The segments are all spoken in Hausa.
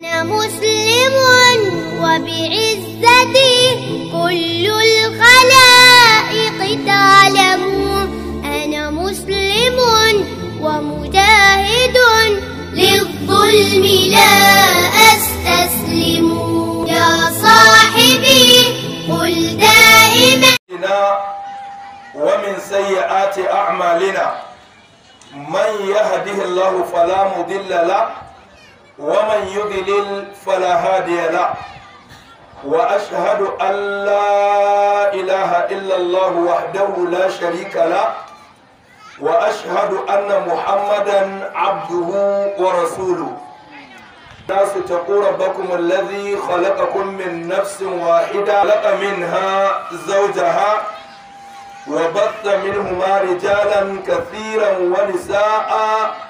أنا مسلم وبعزتي كل الخلائق تعلم أنا مسلم ومجاهد للظلم لا أستسلم يا صاحبي قل دائما ومن سيئات أعمالنا من يهده الله فلا مضل له ومن يضلل فلا هادي له وأشهد أن لا إله إلا الله وحده لا شريك له وأشهد أن محمدا عبده ورسوله الناس اتقوا ربكم الذي خلقكم من نفس واحدة خلق منها زوجها وبث منهما رجالا كثيرا ونساء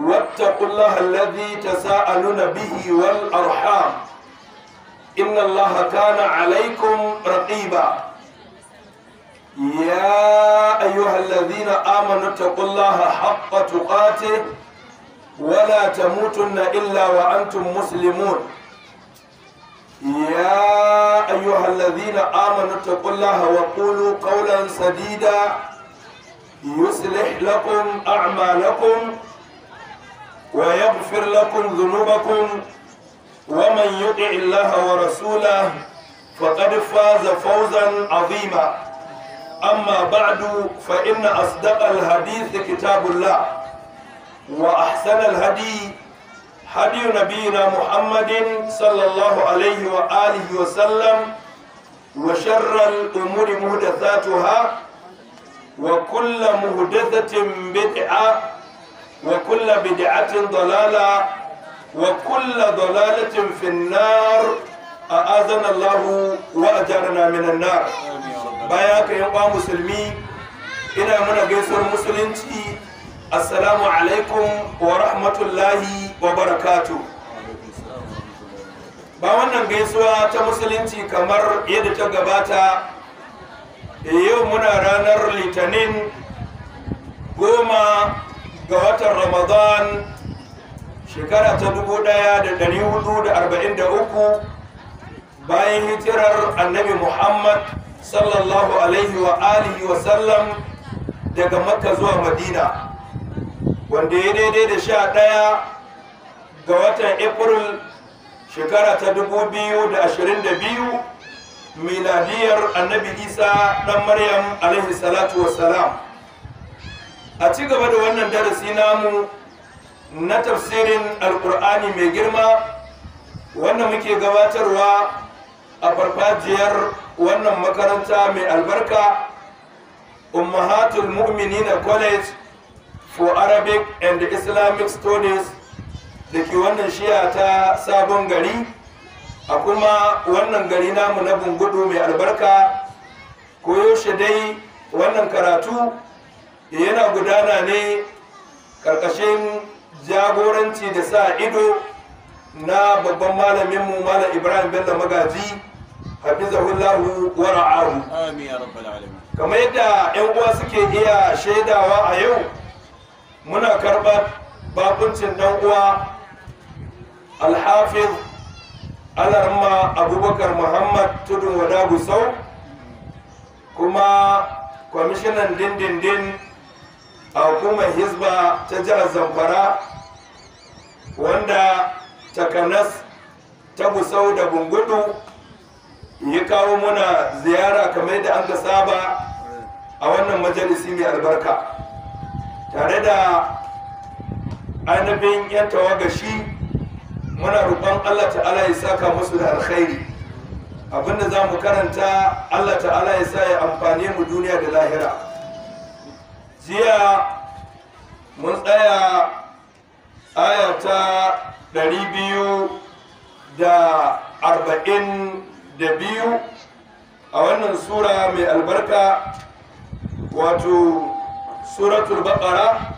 واتقوا الله الذي تساءلون به والأرحام إن الله كان عليكم رقيبا يا أيها الذين آمنوا اتقوا الله حق تقاته ولا تموتن إلا وأنتم مسلمون يا أيها الذين آمنوا اتقوا الله وقولوا قولا سديدا يصلح لكم أعمالكم ويغفر لكم ذنوبكم ومن يطع الله ورسوله فقد فاز فوزا عظيما أما بعد فإن أصدق الحديث كتاب الله وأحسن الهدي هدي نبينا محمد صلى الله عليه وآله وسلم وشر الأمور مهدثاتها وكل مهدثة بدعة wa kulla bid'atin dalala wa dalalacin dalalatin fi nnar a azan allahu na minan nar baya ka yi ba musulmi ina muna gaisuwar musulunci assalamu alaikum wa rahmatullahi wa barakatu ba wannan gaisuwa ta musulunci kamar yadda ta gabata yau muna ranar litanin goma ga watan ramadan shekara ta 1443 bayan hijirar annabi muhammad sallallahu alaihi wa alihi wa sallam daga makka zuwa madina wanda ya daidai da sha ɗaya ga watan april shekara ta 2022 miladiyar annabi isa ɗan maryam alaihi salatu wassalam a ci gaba da wannan darasi namu na tafsirin alkur'ani mai girma wanda muke gabatarwa a farfajiyar wannan makaranta mai albarka ummahatul mu'minina college for arabic and islamic studies da ke wannan shiya ta sabon gari a kuma wannan gari namu na bungudu mai albarka koyaushe dai wannan karatu yana gudana ne ƙarƙashin jagoranci da sa ido na babban malaminmu malam ibrahim bello magaji hafizahullahu wa ra'ahu kamar yadda yan uwa suke iya shaidawa a yau muna karɓar babuncin dan uwa alhafin alarma abubakar muhammad tudun wadagusau kuma kwamishinan dindindin a hukumar hizba ta jihar zamfara wanda takanas ta busau da gungudu yi kawo muna ziyara kamar yadda an saba a wannan majalisi mai albarka tare da ainihin yan tawagashi muna roƙon allah ta'ala ya saka musu da alkhairi abinda za mu karanta allah ta'ala ya sa ya amfani mu duniya da lahira jiya mun tsaya ayata ta ɗari biyu da arba'in da biyu a wannan sura mai albarka wato suratul baqara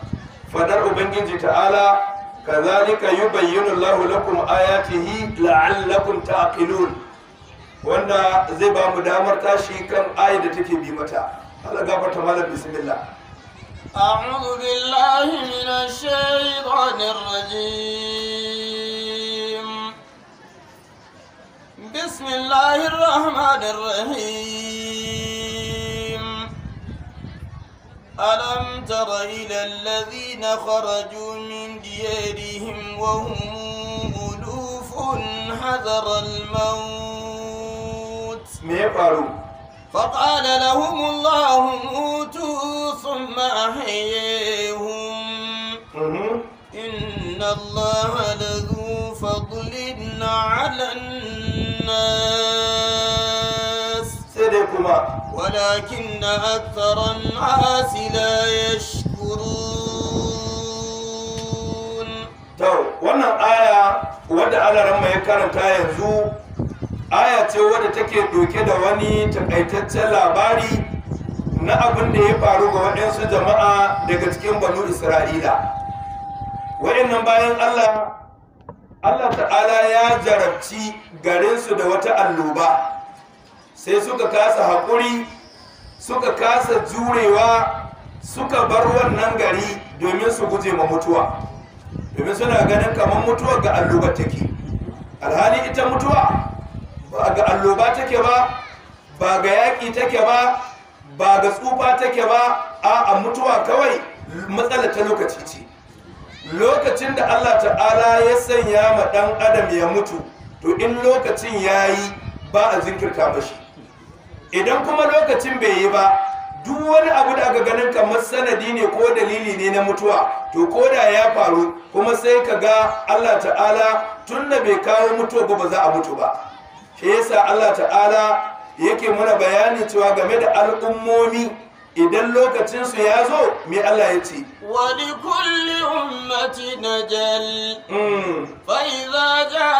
fadar ubangiji ta'ala kazalika yubayyinu Allahu lakum ayatihi la'allakum ta'qilun wanda zai ba mu damar tashi kan ayi da take bi mata Allah gafarta malam bismillah أعوذ بالله من الشيطان الرجيم بسم الله الرحمن الرحيم ألم تر إلى الذين خرجوا من ديارهم وهم ألوف حذر الموت فقال لهم الله موتوا ثم أحييهم إن الله لذو فضل على الناس ولكن أكثر الناس لا يشكرون تو وانا آية ودعا لرمى يكرم تايا aya ce wadda take doke da wani takaitaccen labari na abin da ya faru ga waɗansu jama'a daga cikin banu isra'ila waɗannan bayan allah allah ta'ala ya jarabci garinsu da wata alloba sai suka kasa haƙuri suka kasa jurewa suka bar wannan gari domin su guje ma mutuwa domin suna ganin kamar mutuwa ga alloba take alhali ita mutuwa ba ga alloba take ba ba ga yaƙi take ba ba ga tsufa take ba a mutuwa kawai matsala ta lokaci ce lokacin da Allah ta'ala ya sanya ma ɗan adam ya mutu to in lokacin ya yi ba a zinkirta mashi idan kuma lokacin bai yi ba duk wani abu da aka ganin kamar sanadi ne ko dalili ne na mutuwa to ko da ya faru kuma sai ka ga Allah ta'ala tun da bai kawo mutuwa ba za a mutu ba shi yasa Allah ta'ala yake mana bayani cewa game da al'ummomi idan lokacin su ya zo me Allah ya ce wa kulli ummati najal hmm. fa idza ja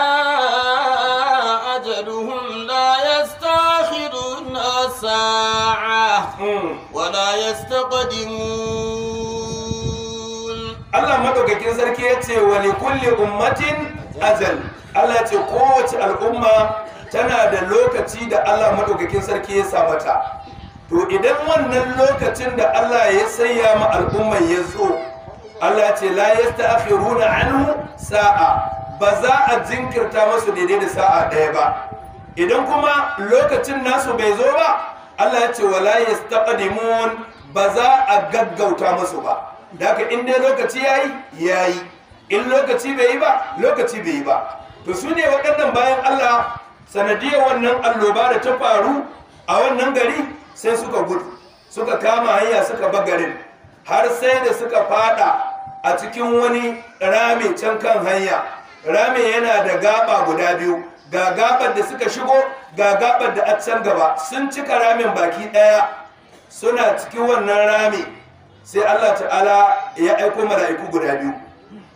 ajaluhum la yastakhiruna sa'a hmm. wa la yastaqdimun Allah madaukakin sarki ya ce wa li kulli ummatin ajal Allah ya ce kowace al'umma tana da lokaci da Allah madaukakin sarki ya sa to idan wannan lokacin da Allah ya sanya ma al'umman ya zo Allah ce la yasta'khiruna anhu sa'a ba za a jinkirta masu daidai da sa'a ɗaya ba idan kuma lokacin nasu bai zo ba Allah ya ce wala yastaqdimun ba za a gaggauta masu ba daga in dai lokaci yayi yayi in lokaci bai yi ba lokaci bai yi ba to su ne waɗannan bayan Allah sanadiyar wannan alloba da ta faru a wannan gari sai suka gudu suka kama hanya suka ba garin, har sai da suka fada a cikin wani rami can kan hanya rami yana da gaba guda biyu ga gabar da suka shigo ga gabar da a can gaba sun cika ramin baki daya suna cikin wannan rami sai Allah ta'ala ya aiko mala'iku guda biyu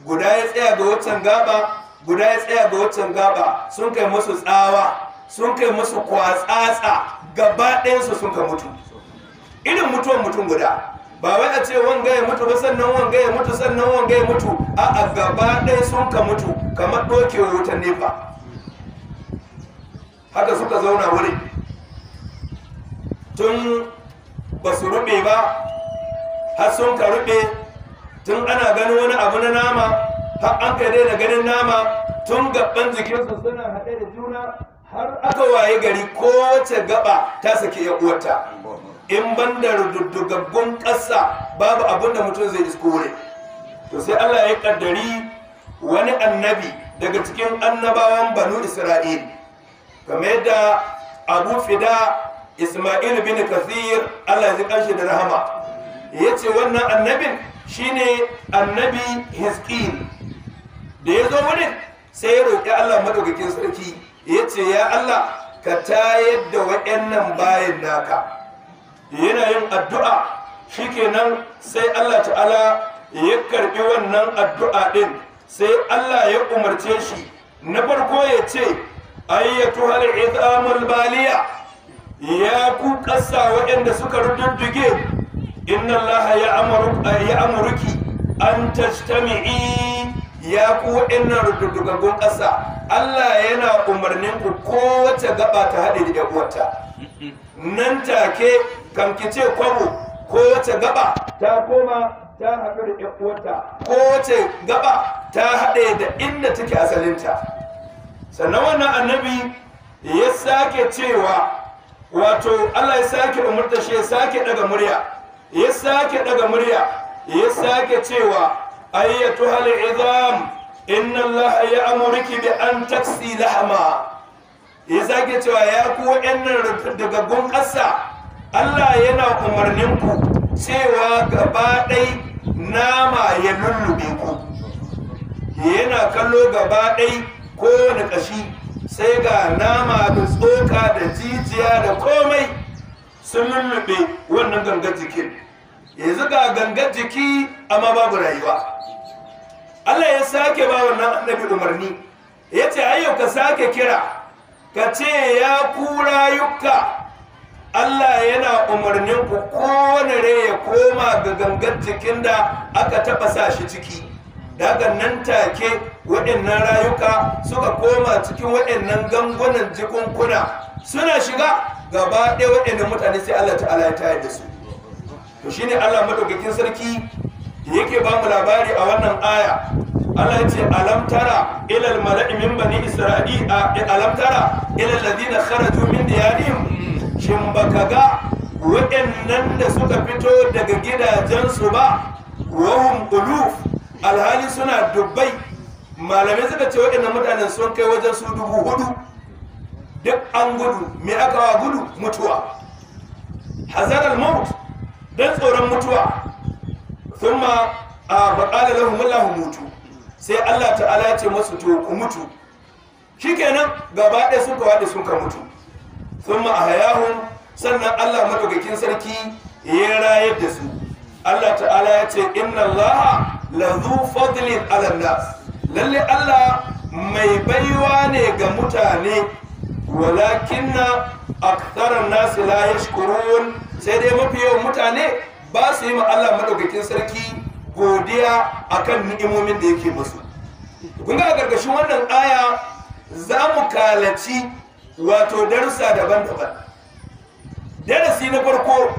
guda ya tsaya ga waccan gaba guda ya tsaya ga waccan gaba sun kai musu tsawa sun kai musu kwatsatsa gaba ɗayansu sun ka mutu irin mutuwan mutum guda ba wai a ce wanga ya mutu ba sannan wanga ya mutu sannan wanga ya mutu a a gaba ɗaya sun ka mutu kamar ɗokewar wutan nefa haka suka zauna wuri tun ba su rube ba har sun ka rube tun ana ganin wani abu na nama har an daina ganin nama tun gaban jikinsu suna haɗe da juna har aka waye gari kowace gaba ta sake ya uwata in ban da rududdugaggun ƙasa babu abin da mutum zai isko wuri to sai Allah ya kaddari wani annabi daga cikin annabawan banu isra'il kamar yadda abu fida isma'il bin kathir Allah ya kanshi da rahama ya ce wannan annabin shine annabi hiskil da ya zo wani sai ya roƙi Allah madaukakin sarki ya ce ya Allah ka tayar da waɗannan bayan naka yana yin addu'a shikenan sai Allah ta'ala ya karɓi wannan addu'a ɗin sai Allah ya umarce shi na farko ya ce ayyatu hal izamul baliya ya ku ƙasa waɗanda suka rududduge inna Allah ya amuruki an tajtami'i ya ku waɗannan rududdugagun ƙasa Allah yana umarnin ku kowace gaba ta haɗe da uwarta nan take kamkice kwabo kowace gaba ta koma ta haɗu da uwarta kowace gaba ta haɗe da inda take asalinta sannan wannan annabi ya sake cewa wato Allah ya sake umarta shi ya sake daga murya ya sake daga murya ya sake cewa أيتها العظام إن الله يأمرك بأن تكسي لحما إذا قلت يا كو إن دقون قصة الله ينا أمرنكم سوى قبائي ناما يللبكم yana kallo gaba ɗai kowane ƙashi sai ga nama da tsoka da jijiya da komai sun lullube wannan gangar jikin yanzu ga gangar jiki amma babu rayuwa Allah ya sake ba wannan annabi umarni ya ce ayyau ka sake kira ka ce ya kura yukka Allah yana umarnin ku kowane rai ya koma ga gangan jikin da aka taɓa sa shi ciki daga nan take waɗannan rayuka suka koma cikin waɗannan gangunan jikunkuna suna shiga gaba ɗaya waɗannan mutane sai Allah ta'ala ya tayar da su to shine Allah madaukakin sarki yake ba mu labari a wannan aya Allah ya ce alam tara ila al mala'i min bani isra'ila alam tara ila alladhina kharaju min diyarihim shin baka ga waɗannan da suka fito daga gidajensu ba wahum uluf alhali suna dubbai malamai suka ce waɗannan mutanen sun kai wajen su dubu hudu duk an gudu me aka wa gudu mutuwa hazar al-maut dan tsoron mutuwa thumma faqala lahum Allahu mutu sai Allah ta'ala ya ce masu to ku mutu shikenan gaba ɗaya suka su ka mutu thumma ahyahum sannan Allah madaukakin sarki ya rayar da su Allah ta'ala ya ce inna Allah la zu fadlin ala nas lalle Allah mai baiwa ne ga mutane walakinna aktharan nas la yashkurun sai dai mafi yawan mutane ba su yi ma Allah madaukakin sarki godiya a kan ni'imomin da yake musu kun ga gargashin wannan aya za mu kalaci wato darsa daban-daban darasi na farko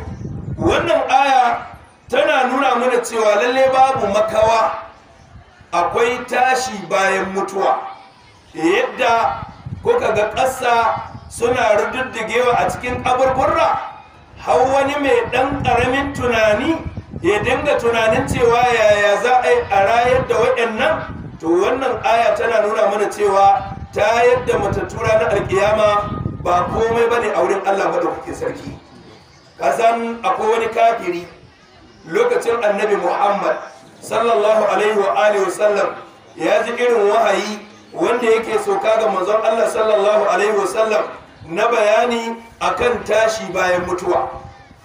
wannan aya tana nuna mana cewa lalle babu makawa akwai tashi bayan mutuwa yadda kuka ga ƙasa suna rududdugewa a cikin kaburburra har wani mai ɗan ƙaramin tunani ya dinga tunanin cewa yaya za a yi a rayar da waɗannan to wannan aya tana nuna mana cewa ta yadda tura na alƙiyama, ba komai ba ne a wurin allah kuke sarki kasan akwai wani kafiri lokacin annabi muhammad sallallahu alaihi wa alihi wasallam ya ji irin wahayi wanda yake sauka ga manzon allah sallallahu alaihi wasallam na bayani akan tashi bayan mutuwa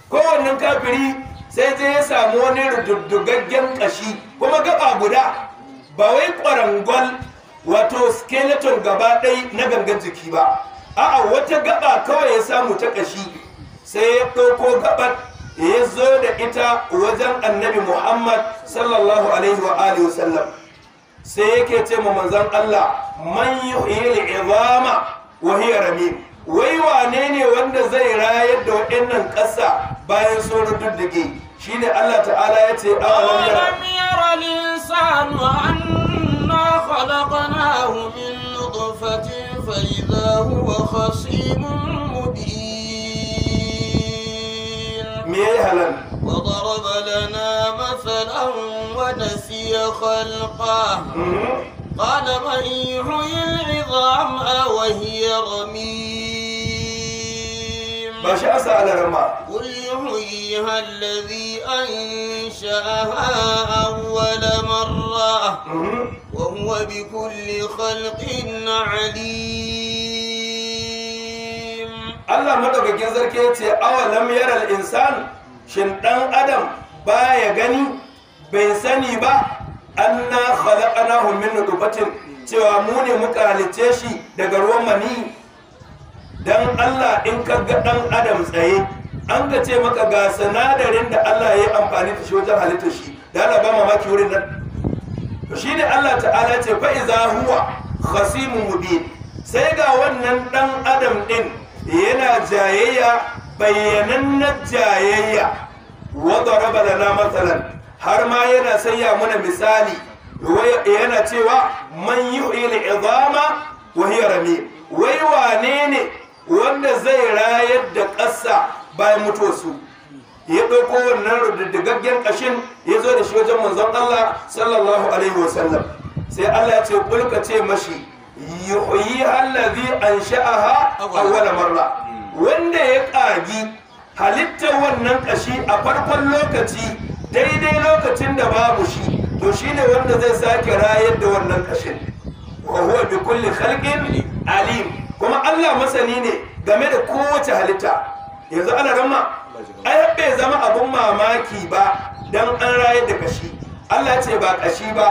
kowannen kafiri sai zai ya samu wani rududdugaggen ƙashi kuma gaba guda ba wai kwarangol wato skeleton gaba ɗai na gangan jiki ba a'a wata gaba kawai ya samu ta ƙashi, sai ya ɗauko gabar ya zo da ita wajen annabi muhammad sallallahu alaihi wa alihi wasallam sai yake ce ma manzon allah man yi al wai wane ne wanda zai rayar da waɗannan ƙasa bayan sun Shi ne Allah ta'ala ya ce awalam yara al-insanu anna khalaqnahu min nutfatin fa idha huwa khasimun mubin me ya halan وضرب لنا مثلا ونسي خلقه قال من يحيي العظام وهي رميم ba shi asa ala rama qul yuhyiha alladhi ansha'aha awwal marra mm-hmm. wa huwa bi kulli khalqin alim Allah madaukakin sarki yace awalam yara al-insan shin dan adam baya gani bai sani ba anna khalaqnahu min nutfatin cewa mu ne muka halice shi daga ruwan dan Allah in ka ga dan adam tsaye an ka ce maka ga sinadarin da Allah ya yi amfani da shi wajen halittar shi da Allah ba mamaki wurin nan to shi ne Allah ta'ala ce fa iza huwa khasimun mubin sai ga wannan dan adam din yana jayayya na jayayya wa daraba lana masalan har ma yana sanya mana misali yana cewa man yu'il idama wa hiya rami wai wane ne wanda zai rayar da ƙasa bayan mutuwarsu ya ɗauko wannan rududdugaggen ƙashin ya zo da shi wajen manzon Allah sallallahu alaihi wasallam sai Allah ya ce kulka ce mashi yuhyi allazi ansha'aha awwala marra wanda ya ƙagi halittar wannan ƙashi a farkon lokaci daidai lokacin da babu shi to shine wanda zai sake rayar da wannan ƙashin wa huwa bi kulli khalqin alim kuma Allah masani ne game da kowace halitta yanzu ana ramma ai bai zama abun mamaki ba dan an rayar da kashi Allah ce ba kashi ba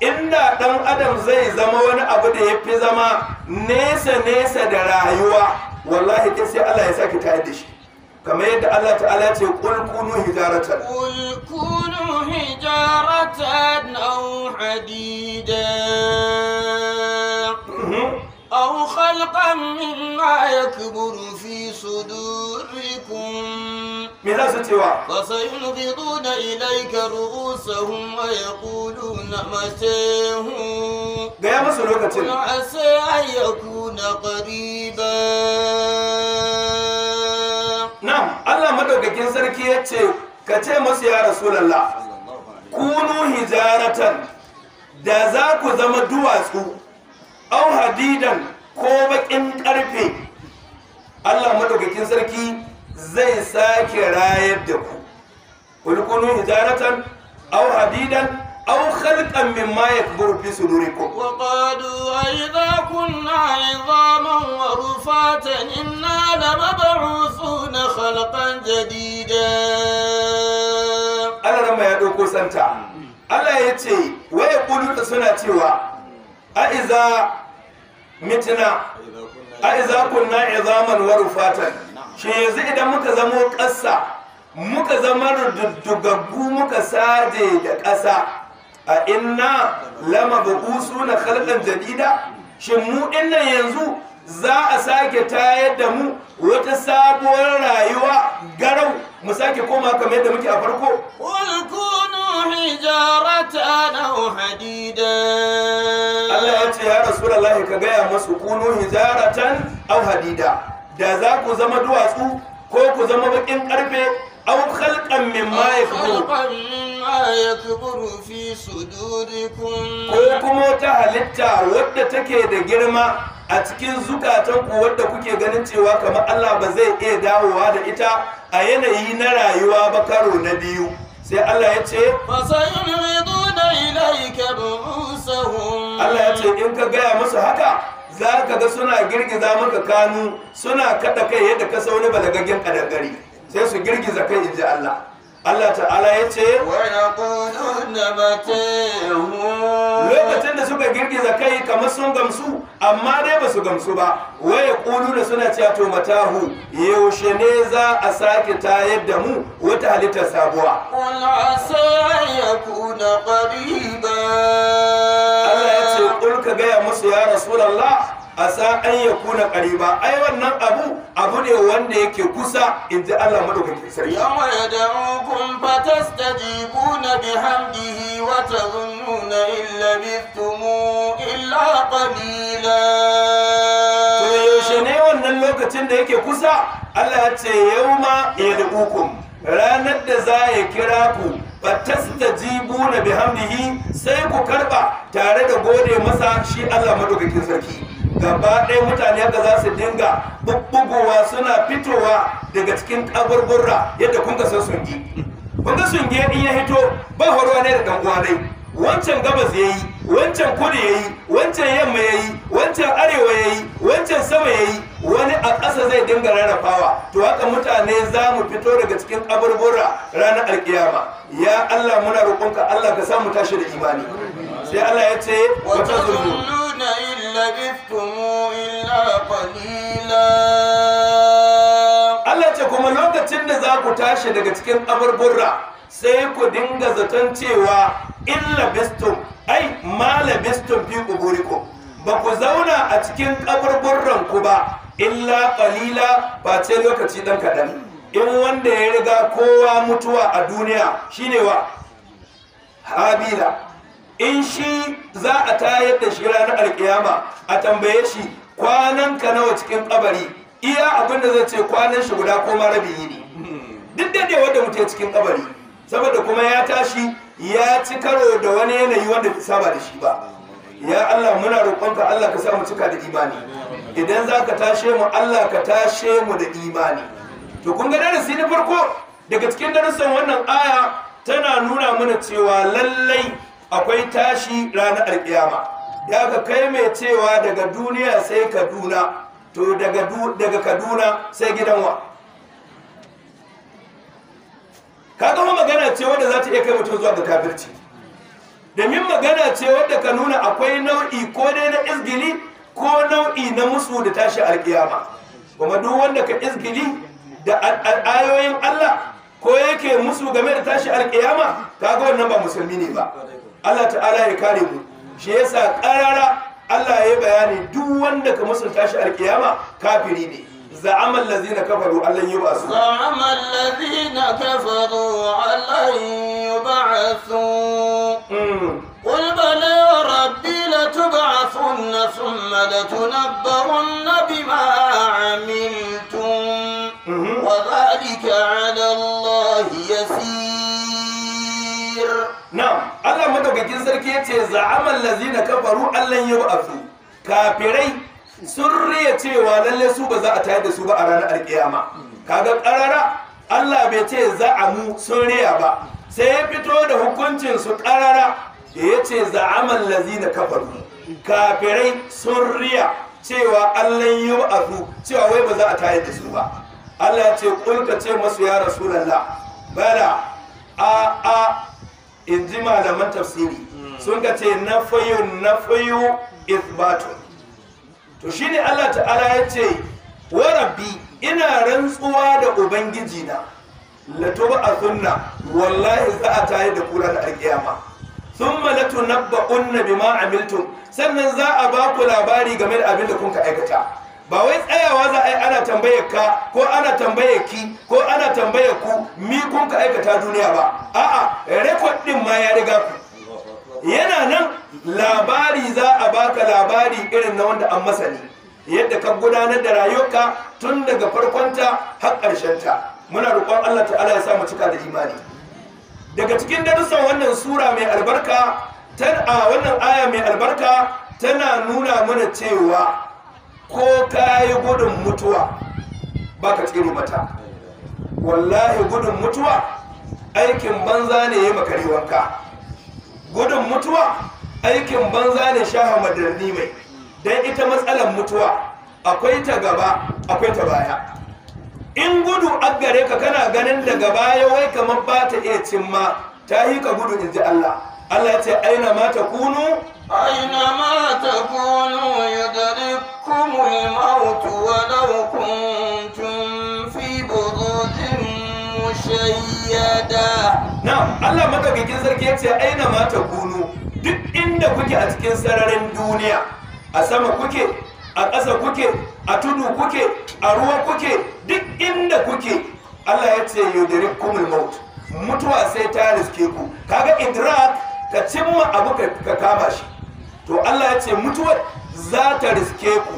inda dan adam zai zama wani abu da ya fi zama nesa nesa da rayuwa wallahi kin sai Allah ya saki ta da shi kamar yadda Allah ta'ala ce kul kunu hijaratan kul kunu hijaratan aw hadidan أو خلقا مما يكبر في صدوركم فسينبضون إليك رؤوسهم ويقولون متاه قل عسى أن يكون قريبا نعم الله مدوكاكين سركي يتشي كتي مس رسول الله كونوا هجارة da za ku zama duwatsu au hadidan ko bakin karfe Allah madaukakin sarki zai sake rayar da ku kulkunu hijaratan au hadidan aw khalqan mimma yakbur fi sudurikum wa qadu aidha kunna idhaman wa rufatan inna lamab'usuna khalqan jadida Allah ramma ya santa Allah yace waye yaqulu suna cewa a'iza iza a'iza kunna izaman wa rufatan shi yanzu idan muka zamo ƙasa muka zama rududdugaggu muka saje da ƙasa a inna lama buƙusu na khalqan jadida shin mu dinnan yanzu za a sake tayar da mu wata sabuwar rayuwa garau mu sake koma kamar yadda muke a farko حجارة أو حديدا الله يأتي يا رسول الله كجاء مسكون حجارة أو حديدا da za ku zama duwatsu ko ku zama bakin karfe au khalqan mimma yakburu yakburu fi sudurikum ko kuma ta halitta wadda take da girma a cikin zukatanku wadda kuke ganin cewa kamar Allah ba zai iya dawowa da ita a yanayi na rayuwa ba karo na biyu sai Allah ya ce Allah ya ce in ka gaya musu haka za ka ga suna girgiza maka kanu suna kaɗa kai yadda ka sauni balagaggen kadangare sai su girgiza kai in inji Allah Allah ta'ala ya ce lokacin da suka girgiza kai kamar sun gamsu amma dai ba su gamsu ba waya kulu da suna cewa to matahu yaushe ne za a sake tayar da mu wata halittar sabuwa Allah ya ce kul ka gaya musu ya rasulallah sa an ya kuna ba ai wannan abu abu ne wanda yake kusa in ji Allah madaukaki sarki yawma na bi bihamdihi wa tazunnuna illa bithumu illa qalila to yaushe ne wannan lokacin da yake kusa Allah ya ce yawma yad'ukum ranar da za ya kira ku na bihamdihi sai ku karba tare da gode masa shi Allah madaukakin sarki gaba ɗaya mutane yadda za su dinga bubbugowa suna fitowa daga cikin kaburbura yadda kun san sun sungi kun ga sungi in ya hito ba horuwa ne da dan uwa wancan gabas ya yi, wancan kudu yi, wancan yamma ya yi, wancan arewa ya yi, wancan sama ya yi. wani a ƙasa zai dinga rarrafawa to haka mutane za mu fito daga cikin kaburbura ranar alkiyama ya Allah muna roƙonka Allah ka samu tashi da imani sai Allah ya ce wata zununa illa biftumu illa kwanila. Allah ce kuma lokacin da za ku tashi daga cikin kaburbura sai ku dinga zaton cewa illa bistum ai ma labistum fi quburikum ba ku zauna a cikin kaburburran ku ba illa qalila ba ce lokaci dan kadan in wanda ya riga kowa mutuwa a duniya shine wa habila in shi za a tayar da shi ranar alkiyama a tambaye shi kwanan ka nawa cikin kabari iya abin da zai ce kwanan shi guda ko rabi ne duk da dai wanda mutum cikin kabari saboda kuma ya tashi ya ci karo da wani yanayi wanda bai saba da shi ba ya Allah muna roƙonka Allah ka sa mu cika da imani idan za ka tashe mu Allah ka tashe mu da imani to kun ga darasi na farko daga cikin darasin wannan aya tana nuna mana cewa lallai akwai tashi ranar alƙiyama da ka kai mai cewa daga duniya sai kaduna to daga kaduna sai gidanwa? ka kaga magana cewa da za ta iya kai mutum zuwa ga kafirci domin magana ce wadda ka nuna akwai nau'i ko dai na izgili ko nau'i na musu da tashi alkiyama kuma duk wanda ka izgili da al'ayoyin Allah ko yake musu game da tashi alkiyama kaga wannan ba musulmi ne ba Allah ta'ala ya kare mu shi yasa karara Allah ya bayani duk wanda ka musu tashi alkiyama kafiri ne zama lazi na kafaru Allah yi ba su zama lazi na kafaru Allah yi ba su ƙulbale wa rabbi na tuba a sun na da tunabbarun na bi ma a amintun wa zaɗika adalahi ya si na Allah mataukakin sarki ya ce za'amal lazi na kafaru Allah yi ba su kafirai sun riya cewa lalle su ba za a tayar da su ba a ranar alkiyama kaga karara Allah bai ce za a mu sun riya ba sai ya fito da hukuncin su karara da ya ce za a za'aman lazina kafaru kafirai sun riya cewa Allah yi wa ba'atu cewa wai ba za a tayar da su ba Allah ya ce kulka ce masu ya rasulullah bala a a in ji malaman tafsiri sun ka ce na fayu na fayu isbatun to shi ne Allah ta'ala ya ce wa rabbi ina rantsuwa da ubangiji na lato ba a sunna wallahi za a tare da kura da alƙiyama thumma ma bima amiltum sannan za a ba ku labari game da abin da kun ka aikata ba wai tsayawa za a yi ana tambayar ka ko ana tambayar ki ko ana tambayar ku mi kun ka aikata duniya ba a'a rekod din ma ya riga ku yana nan labari za a baka labari irin na wanda an masani yadda ka gudanar da rayuwarka tun daga farkonta har ƙarshenta muna roƙon Allah ta'ala ya sa mu cika da imani daga cikin darussan wannan sura mai albarka ta a wannan aya mai albarka tana nuna mana cewa ko ka yi gudun mutuwa ba ka tsere mata wallahi gudun mutuwa aikin banza ne ya maka wanka gudun mutuwa aikin banza ne shaha madarni mai don ita matsalar mutuwa akwai ta gaba akwai ta baya in gudu a gare ka kana ganin daga baya wai kamar ba ta iya cimma ta yi ka gudu in ji Allah Allah ya ce aina ma ta kunu aina ma ta kunu yudrikumul maut walau kuntum fi burudin mushayi yada na Allah madaukakin sarki ya ce aina ma ta kunu duk inda kuke a cikin sararin duniya a sama kuke a ƙasa kuke a tudu kuke a ruwa kuke duk inda kuke Allah ya ce kumul maut mutuwa sai ta riske ku kaga idrak ka cimma abu ka kama shi to Allah ya ce mutuwar za ta riske ku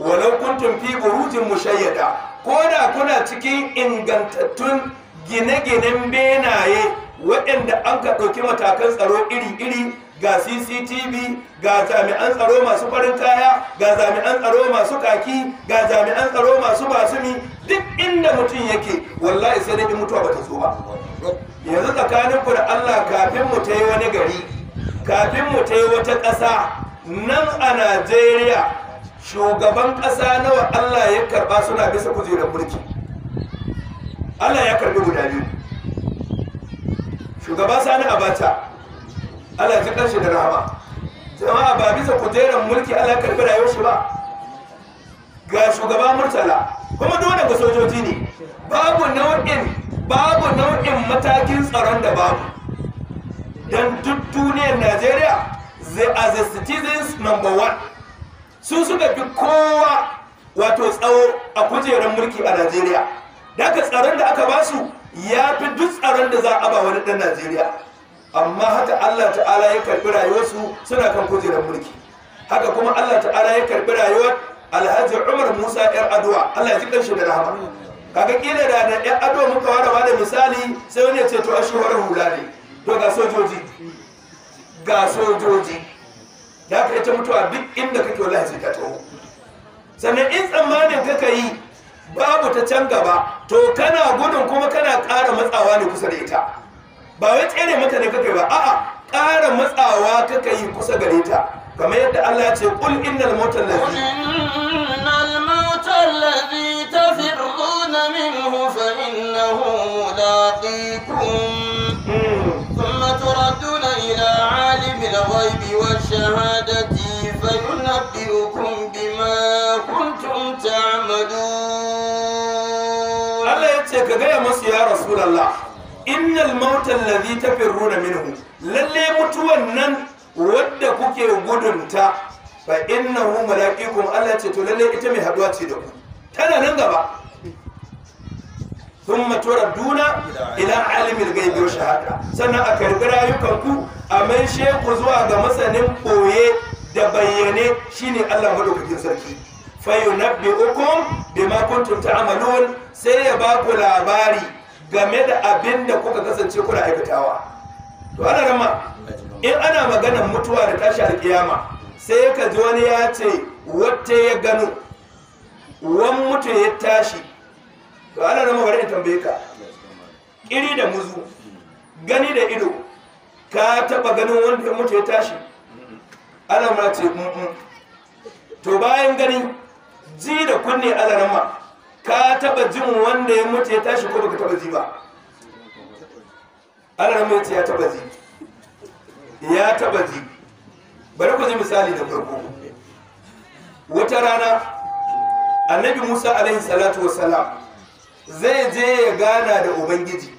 walau kuntum fi burujin mushayyada ko da kuna cikin ingantattun gine-ginen benaye waɗanda an ka ɗauki matakan tsaro iri-iri ga cctv ga jami'an tsaro masu farin kaya ga jami'an tsaro masu kaki ga jami'an tsaro masu basumi duk inda mutum yake wallahi sai dai mutuwa bata zo ba yanzu tsakanin ku da allah kafin mu ta yi wani gari kafin mu ta yi wata ƙasa nan a najeriya shugaban ƙasa nawa allah ya karɓa suna bisa kujerar mulki Allah ya karbi guda biyu shugaba sani abacha Allah ya kaɗa da rahama jama'a ba bisa kujerar mulki Allah ya karbi rayuwar shi ba ga shugaba murtala kuma duk wanda sojoji ne babu nau'in babu nau'in matakin tsaron da babu Dan duk duniyar Najeriya the as a citizens number one su suka fi kowa wato tsawo a kujerar mulki a Najeriya daga tsaron da aka basu ya fi duk tsaron da za a ba wani ɗan najeriya amma haka allah ta'ala ya karɓi rayuwarsu suna kan kujerar mulki haka kuma allah ta'ala ya karɓi rayuwar alhaji umar musa yar adowa allah ya ji ƙarshe da rahama kaga kila da da yar adowa muka ba da misali sai wani ya ce to ashe wani hula ne to ga sojoji ga sojoji da fi ita mutuwa duk inda kake wallahi sai ka taho sannan in tsammanin kaka yi babu ta can gaba to kana gudun kuma kana ƙara matsawa ne kusa da ita ba wai tsere mata ne kake ba a'a ƙara matsawa kake yi kusa gare ta kamar yadda Allah ya ce qul innal mautal ladhi innal mautal ladhi tafirruna minhu fa innahu laqikum hmm. thumma turadduna ila alimil ghaibi wash shahadati yunabbi kagaya gaya masu ya rasulallah innal mauta firu tafirruna minhu lalle mutuwan nan wadda kuke gudunta fa innahu malaqikum Allah ce to lalle ita mai haduwa ce da ku tana nan gaba thumma turaduna ila alimil ghaibi wa shahada sannan a karbi rayukanku a mai sheku zuwa ga masanin ɓoye da bayyane shine Allah madaukakin sarki fayunabbi'ukum bima kuntum ta'malun sai ya baku labari game da abin da kuka kasance kuna aikatawa to ana rama in ana maganar mutuwa da tashi alkiyama sai ka ji wani ya ce wata ya gano wan mutu ya tashi to ana rama bari in tambaye ka iri da muzu gani da ido ka taba ganin wanda ya mutu ya tashi ana mara ce to bayan ganin ji da kunne ma ka taba jin wanda ya mutu ya tashi ko baka taba ji ba alarama ya ce ya taba ji ya taba ji bari ku ji misali da farko wata rana annabi musa alaihi salatu wasalam zai je ya gana da ubangiji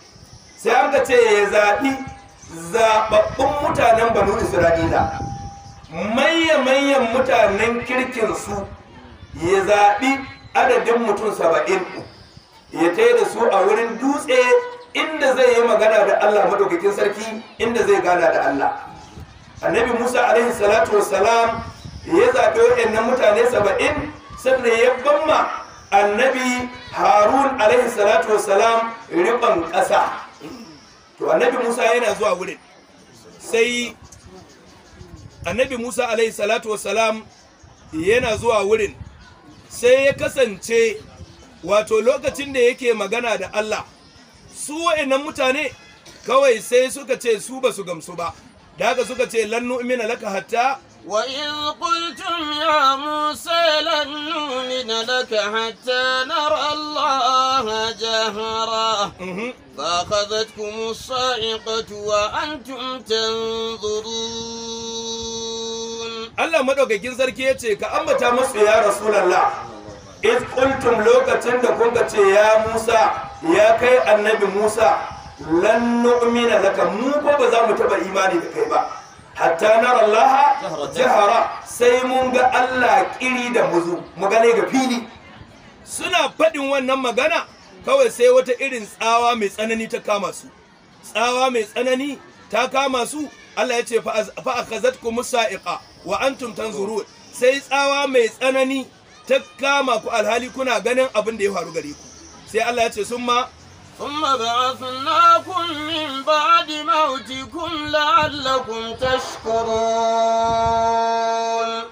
sai an ce ya zaɓi zaɓaɓɓun mutanen banu isra'ila manya-manyan mutanen kirkin su ya zaɓi adadin mutum saba'in ya tai da su a wurin dutse inda zai yi magana da Allah madaukakin sarki inda zai gana da Allah annabi Musa alaihi salatu wassalam ya zaɓi waɗannan mutane saba'in saboda ya bamma annabi Harun alaihi salatu wassalam riƙon ƙasa to annabi Musa yana zuwa wurin sai annabi Musa alaihi salatu wassalam yana zuwa wurin sai ya kasance wato lokacin da yake magana da Allah su wa'annan mutane kawai sai suka ce su ba su gamsu ba daga suka ce lannu imina laka hatta ya وإذ قلتم يا موسى لن نؤمن لك حتى نرى الله جهرا فأخذتكم الصاعقة وأنتم تنظرون Allah madaukakin sarki ya ce ka ambata musu ya rasulallah iz kuntum lokacin da kun ce ya Musa ya kai annabi Musa lan nu'mina laka mu ko ba za mu taba imani da kai ba hatta nara Allah jahara sai mun ga Allah kiri da muzu mu gane ga fili suna faɗin wannan magana kawai sai wata irin tsawa mai tsanani ta kama su tsawa mai tsanani ta kama su Allah ya ce fa akhazatkum musa'iqa wa antum tanzurun sai tsawa mai tsanani ta kama ku alhali kuna ganin abin da ya faru gare ku sai Allah ya ce summa summa ba'athnakum min ba'di mautikum la'allakum tashkurun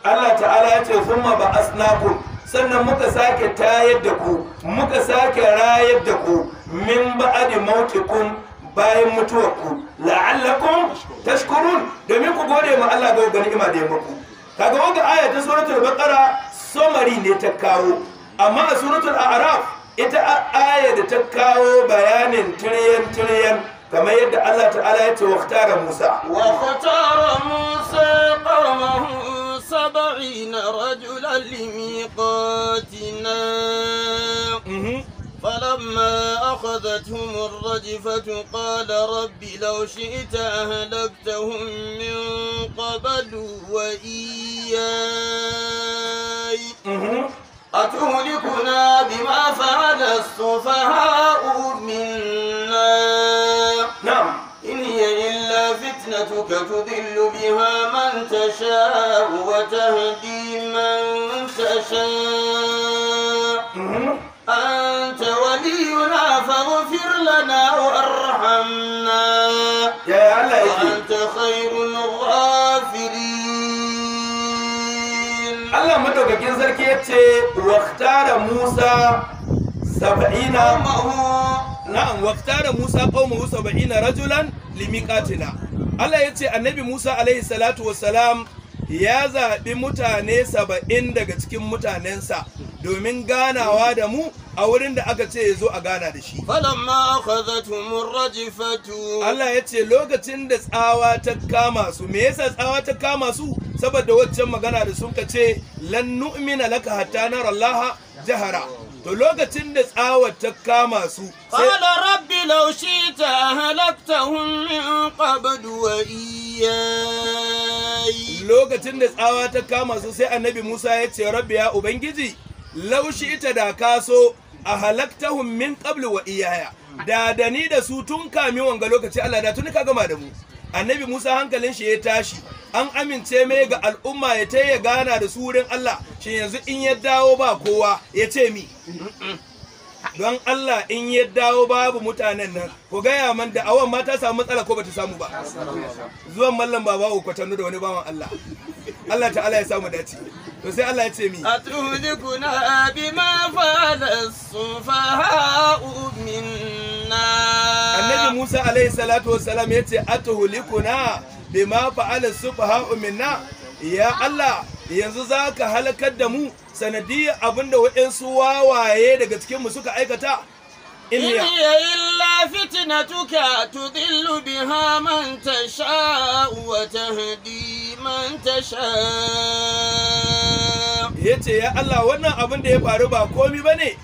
Allah ta'ala ya ce summa ba'athnakum sannan muka sake tayar da ku muka sake rayar da ku min bayan mutuwar ku la'allakum tashkurun domin ku gode ma Allah ga wani ni'ima da ya muku kaga wanda aya ta suratul baqara somari ne ta kawo amma a suratul a'raf ita aya da ta kawo bayanin tiryan tiryan kamar yadda Allah ta'ala ya ce waqtara Musa waqtara Musa qawmahu 70 rajulan limiqatina فلما أخذتهم الرجفة قال رب لو شئت أهلكتهم من قبل وإياي أتهلكنا بما فعل السفهاء منا نعم إن هي إلا فتنتك تضل بها من تشاء وتهدي من تشاء أنت ولينا فاغفر لنا وارحمنا وأنت خير الغافرين الله مدوكاكين سركي يتشي واختار موسى سبعين Musa qaumahu 70 rajulan limiqatina Allah yace annabi Musa alaihi salatu wassalam ya zaɓi mutane saba'in daga cikin mutanensa domin ganawa da mu a wurin da aka ce ya zo a gana da shi. Falamma akhadhatuhum rajifatu Allah ya ce lokacin da tsawa ta kama su me yasa tsawa ta kama su saboda waccan magana da sun ka ce lan laka hatta nara Allah jahara to lokacin da tsawar ta kama su kala rabbi law min qabdu wa lokacin da tsawa ta kama su sai annabi Musa ya ce rabbi ya ubangiji laushi ita da kaso ahlaktahum min qablu wa iyaya da da ni da su tun kami wanga lokaci Allah da tuni ka gama da mu annabi musa hankalin shi ya tashi an amince mai ga al'umma ya ta ya gana da surin allah shi yanzu in ya dawo ba kowa ya ce mi don allah in ya dawo babu mutanen nan ku gaya man da awon ma ta samu matsala ko bata samu ba zuwan mallam baba ku kwatannu da wani bawan allah allah ta'ala ya samu dace to sai Allah ya ce mi atuhlikuna bima fa'ala sufaha'u min annabi musa alaihi salatu wasalam ya ce atuhulikuna bima fa'ala subha'u minna ya allah yanzu za ka halakar da mu sanadiyar abinda waɗansu wawaye daga cikinmu suka aikata إن هي إلا فتنتك تضل بها من تشاء وتهدي man ta yace ya Allah wannan abin da ya faru ba komi bane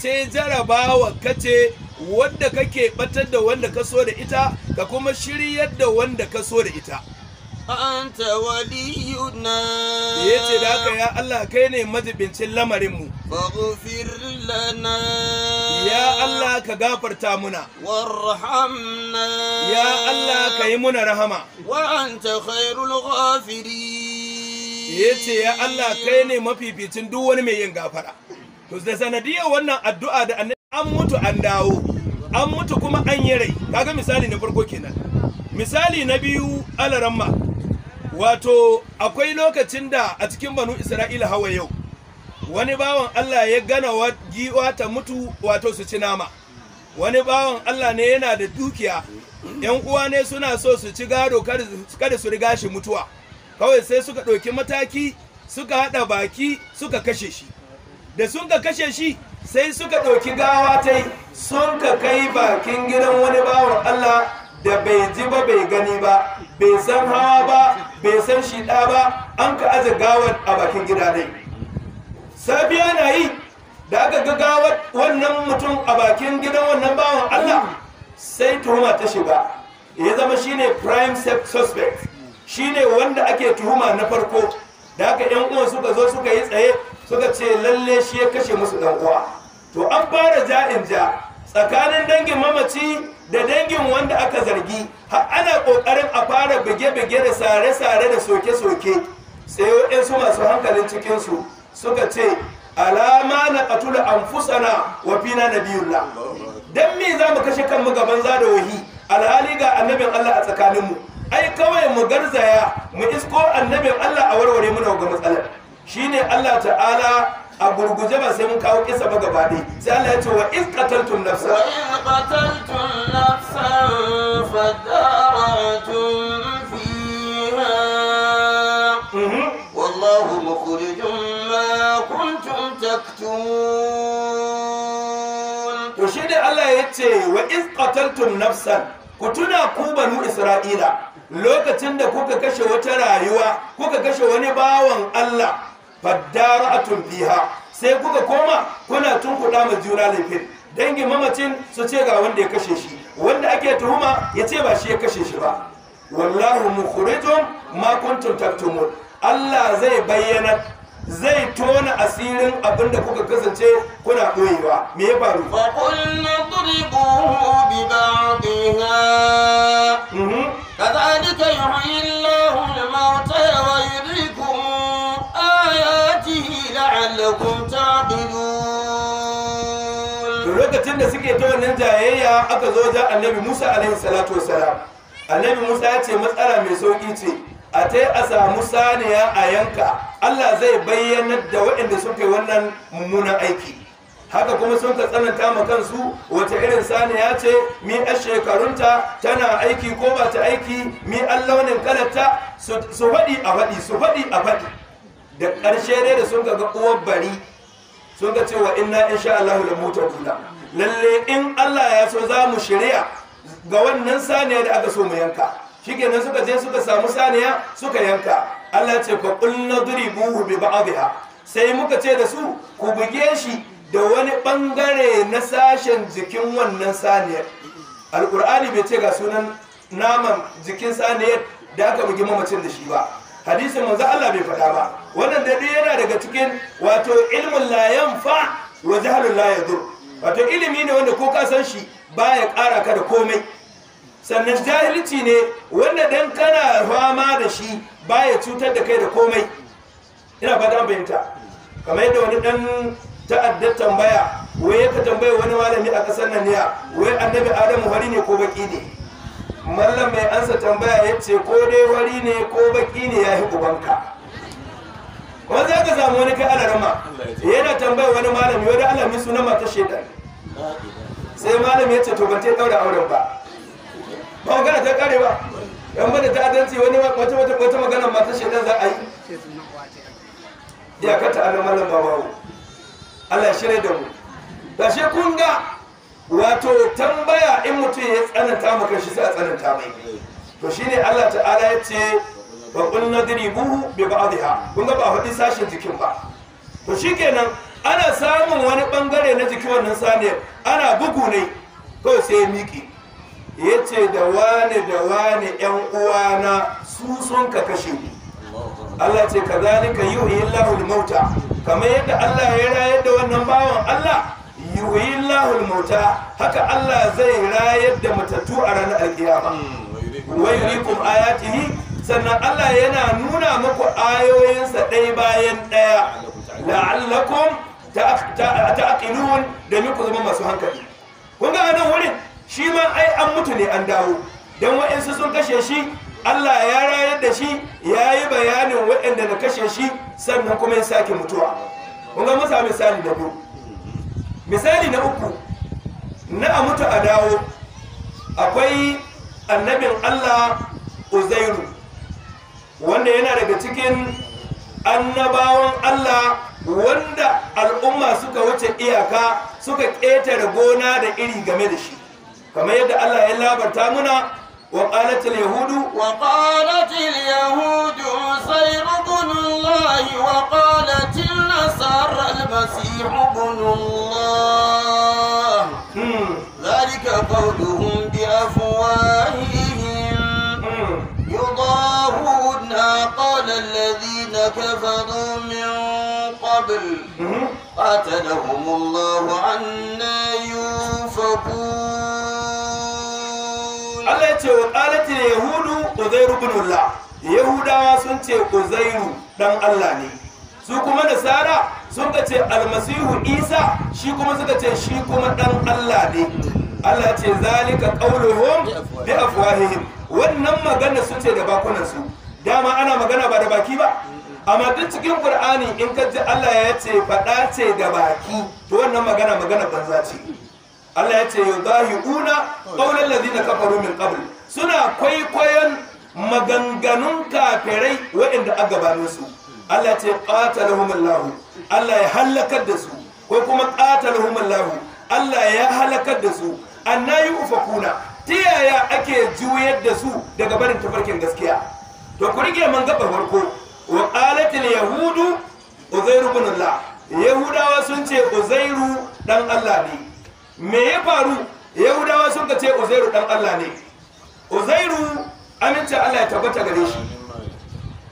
ce jarabawa kace wadda kake batar da wanda ka so da ita ka kuma shiryar da wanda ka so da ita anta waliyuna yace da haka ya Allah kai ne majibincin lamarin mu faghfir lana ya Allah ka gafarta muna warhamna ya Allah ka yi muna rahama wa anta khairul ghafirin yace ya Allah kai ne mafificin duk wani mai yin gafara to da sanadiyar wannan addu'a da an mutu an dawo an mutu kuma an yi rai kaga misali na farko kenan misali na biyu alaramma wato akwai lokacin da a cikin banu isra'ila hawa yau wani bawan allah ya gana giwa ta mutu wato su ci nama wani bawan allah ne yana da dukiya yan uwa ne suna so su ci gado kada su riga shi mutuwa kawai sai suka ɗauki mataki suka haɗa baki suka kashe shi da sun ka kashe shi sai suka ɗauki gawa ta yi sun ka kai bakin gidan wani bawan Allah da bai ji ba bai gani ba bai san hawa ba bai san shiɗa ba an ka aje gawar a bakin gida dai safiya na yi da aka ga gawar wannan mutum a bakin gidan wannan bawan Allah sai tuhuma ta shiga ya zama shine prime suspect shine wanda ake tuhuma na farko da aka yan uwan suka zo suka yi tsaye suka ce lalle shi ya kashe musu dan uwa to an fara ja'in ja tsakanin dangin mamaci da dangin wanda aka zargi har ana kokarin a fara bige-bige da sare-sare da soke-soke sai su masu hankalin cikin su suka ce alama na katula anfusana wa fina na dan me za mu kashe kanmu gaban za da wahi alhali ga annabin Allah a tsakaninmu ai kawai mu garzaya mu isko annabin Allah a warware mu daga matsalar shine Allah ta'ala a gurguje ba sai mun kawo kisa ba gaba ɗaya sai Allah ya ce wa iz qataltum nafsa wa iz qataltum nafsan fadaratum fiha mhm. wallahu mukhrijum ma kuntum taktumun to shi da Allah ya ce wa iz qataltum nafsan ku tuna ku banu Isra'ila lokacin da kuka kashe wata rayuwa kuka kashe wani bawan Allah faddara a fiha sai kuka koma kuna tunkuɗa ma juna laifin dangin mamacin su ce ga wanda ya kashe shi wanda ake tuhuma ya ce ba shi ya kashe shi ba wallahu mukhrijum ma kuntum taktumun Allah zai bayyana zai tona asirin abinda kuka kasance kuna koyewa me ya faru fa qulna duribuhu bi ba'dihha mhm. kadhalika yuhyi al-mauta wa yuriikum la'allakum lokacin da suke ta wannan jayayya aka zo wajen annabi Musa alaihi salatu wassalam annabi Musa ya ce matsala mai sauki ce a ta a samu saniya a yanka Allah zai bayyanar da waɗanda suke wannan mummunan aiki haka kuma sun ka tsananta ma kansu wata irin saniya ce mi a shekarunta tana aiki ko ba ta aiki mi an launin kalarta su faɗi a faɗi su faɗi a faɗi da ƙarshe ne da sun ga uwar bari sun ga cewa inna sha Allah mutu mutaquna lalle in Allah ya so za mu shirya ga wannan saniya da aka so mu yanka nan suka je suka samu saniya suka yanka Allah ce fa qulna duribuhu bi ba'dha sai muka ce da su ku buge shi da wani ɓangare na sashen jikin wannan saniyar alqur'ani bai ce ga sunan naman jikin saniyar da aka bugi mamacin da shi ba hadisin manzo Allah bai faɗa ba wannan da dai yana daga cikin wato ilmun la yanfa wa jahlun la yadur wato ilimi ne wanda ko ka san shi baya ƙara ka da komai sannan jahilci ne wanda dan kana fama da shi baya cutar da kai da komai ina fata bayanta kamar yadda wani dan ta'addar tambaya wai ka tambaya wani malami a ƙasar nan ne wai annabi adamu hari ne ko baki ne mallam mai ansa tambaya ya ce ko dai wari ne ko baki ne ya yi ubanka wanda za ka samu wani kai alarama yana tambaya wani malami wani alamin suna mata shaidan sai malami ya ce to ban ta daura auren ba ba magana ta kare ba yan bada ta adanci wani wata wata wata magana mata shaidan za a yi ya kata alamar malam babawo Allah ya shirya da mu da shi kun ga wato tambaya in mutum ya tsananta maka shi sai a tsananta mai to shine Allah ta'ala ya ce wa qulna dribuhu bi ba'dha kun ga ba faɗi sashin jikin ba to shikenan ana samun wani bangare na jikin wannan saniyar ana bugu ne kawai sai ya miƙe ya ce da wane da wane yan uwana su sun ka kashe ni Allah ce ka zalika yuhi al mauta kamar yadda Allah ya rayar da wannan bawan Allah yuhyi Allahul haka Allah zai rayar da matattu a ranar alkiyama hmm, wa yurikum ayatihi sannan Allah yana nuna muku ayoyinsa ɗaya bayan ɗaya la'allakum ta'aqilun da muku zama masu hankali kun ga nan wurin shi ma ai an mutu ne an dawo dan wa'ansu sun kashe shi Allah ya rayar da shi ya yi bayanin waɗanda na kashe shi sannan kuma ya sake mutuwa kun ga mun misali da ku misali na uku na a mutu a dawo akwai annabin allah uzairu wanda yana daga cikin annabawan allah wanda al'umma suka wuce iyaka suka ƙetare gona da iri game da shi kamar yadda allah ya labarta muna وقالت اليهود وقالت اليهود عزير بن الله وقالت النصارى المسيح بن الله ذلك قولهم بأفواههم يضاهون قال الذين كفروا من قبل قاتلهم الله عنا يوفقون Allah ya ce wa qalat yahudu uzairu ibn Allah yahudawa sun ce uzairu dan Allah ne su kuma nasara sun ka ce almasihu isa shi kuma suka ce shi kuma dan Allah ne Allah ce zalika qauluhum bi afwahihim wannan magana su ce da bakunan su dama ana magana ba da baki ba amma duk cikin qur'ani in ka ji Allah ya ce faɗa ce da baki to wannan magana magana banza ce Allah ya ce yudahiuna qawlan ladina kafaru min qabl suna kwaikwayon maganganun kafirai waɗanda a gabanin su Allah ya ce qatalahum Allah Allah ya halakar da su ko kuma qatalahum Allah Allah ya halakar da su annayi ufakuna ta yaya ake juyar da su daga barin tafarkin gaskiya to ku rige man gaba farko wa qalatil yahudu uzairu ibn Allah yahudawa sun ce uzairu dan Allah ne me ya faru yahudawa sun ka ce uzairu dan allah ne uzairu aminci allah ya tabbata gare shi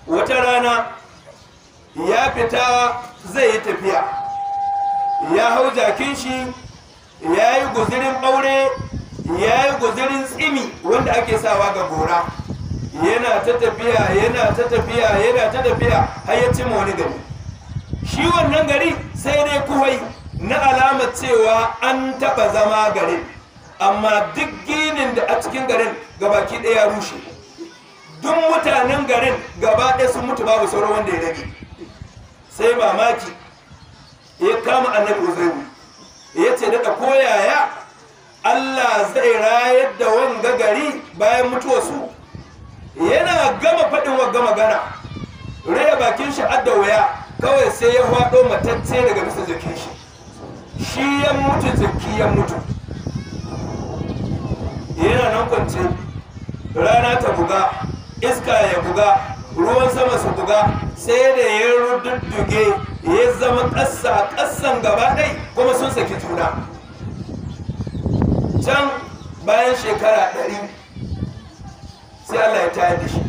wata rana ya fita zai yi tafiya ya hau jakin shi ya yi guzirin aure, ya yi guzirin tsimi wanda ake sawa ga gora yana ta tafiya yana ta tafiya yana ta tafiya har ya cima wani gari shi wannan gari sai dai kuwai na alamar cewa an taɓa zama garin amma duk ginin da a cikin garin gabaki ɗaya rushe duk mutanen garin gaba ɗaya sun mutu babu sauran wanda ya rage sai mamaki ya kama annabi uzairu ya ce daga koyaya allah zai rayar da wanga gari bayan mutuwa su. yana gama faɗin wa gama gana raya bakin shi da wuya kawai sai ya faɗo matacce daga bisa jikin shi shi ya mutu jiki ya mutu yana nan kwance rana ta buga iska ya buga ruwan sama su buga sai da ya rududduge ya zama ƙasa ƙasan gaba ɗai kuma sun saki juna can bayan shekara ɗari sai Allah ya tayar da shi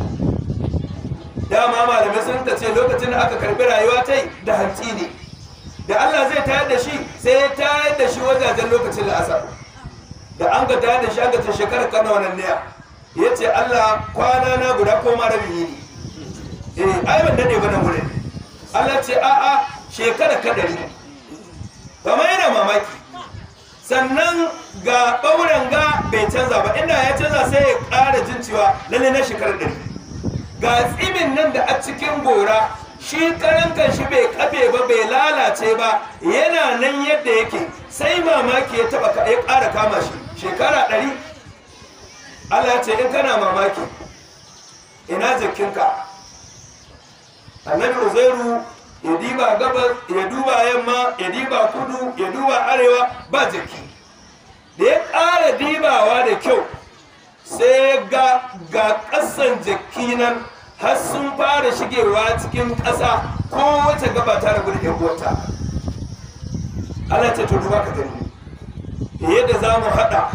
dama malamai sun ta ce lokacin da aka karɓi rayuwa ta da hantsi ne da Allah zai tayar da shi sai ya tayar da shi wajajen lokacin la'asar da an ga tayar da shi an ga ta shekarar kano wannan ne ya ce Allah kwana na guda ko ma rabin yini eh ai ban dade ba nan wurin Allah ce a a shekarar ka dari kama yana mamaki sannan ga ɓauren ga bai canza ba inda ya canza sai ya ƙara jin cewa lalle na shekarar dari ga tsimin nan da a cikin gora shi karan shi bai kabe ba bai lalace ba yana nan yadda yake sai mamaki ya taba ya ƙara kama shi shekara ɗari Allah ce in kana mamaki ina jikinka annabi uzairu ya diba gabas ya duba yamma ya diba kudu ya duba arewa ba jiki da ya ƙara dibawa da kyau sai ga ga ƙasan jiki nan har sun fara shigewa cikin ƙasa ko wata gaba ta rabu da yan uwata ta ka gani yadda za mu haɗa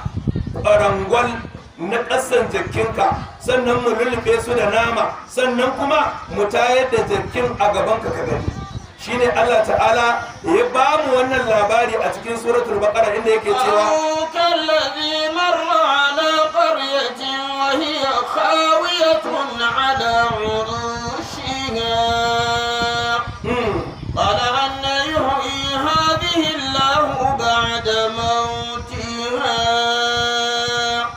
ƙwarangwal na ƙasan ka sannan mu lulluɓe su da nama sannan kuma mu tayar da jikin a gaban ka ka gani shine Allah ta'ala ya ba mu wannan labari a cikin suratul baqara inda yake cewa kallazi marra ya qaryatin wa hiya khawiyatun ala urushiha hmm. qala anna yuhyi hadhihi Allah ba'da mawtiha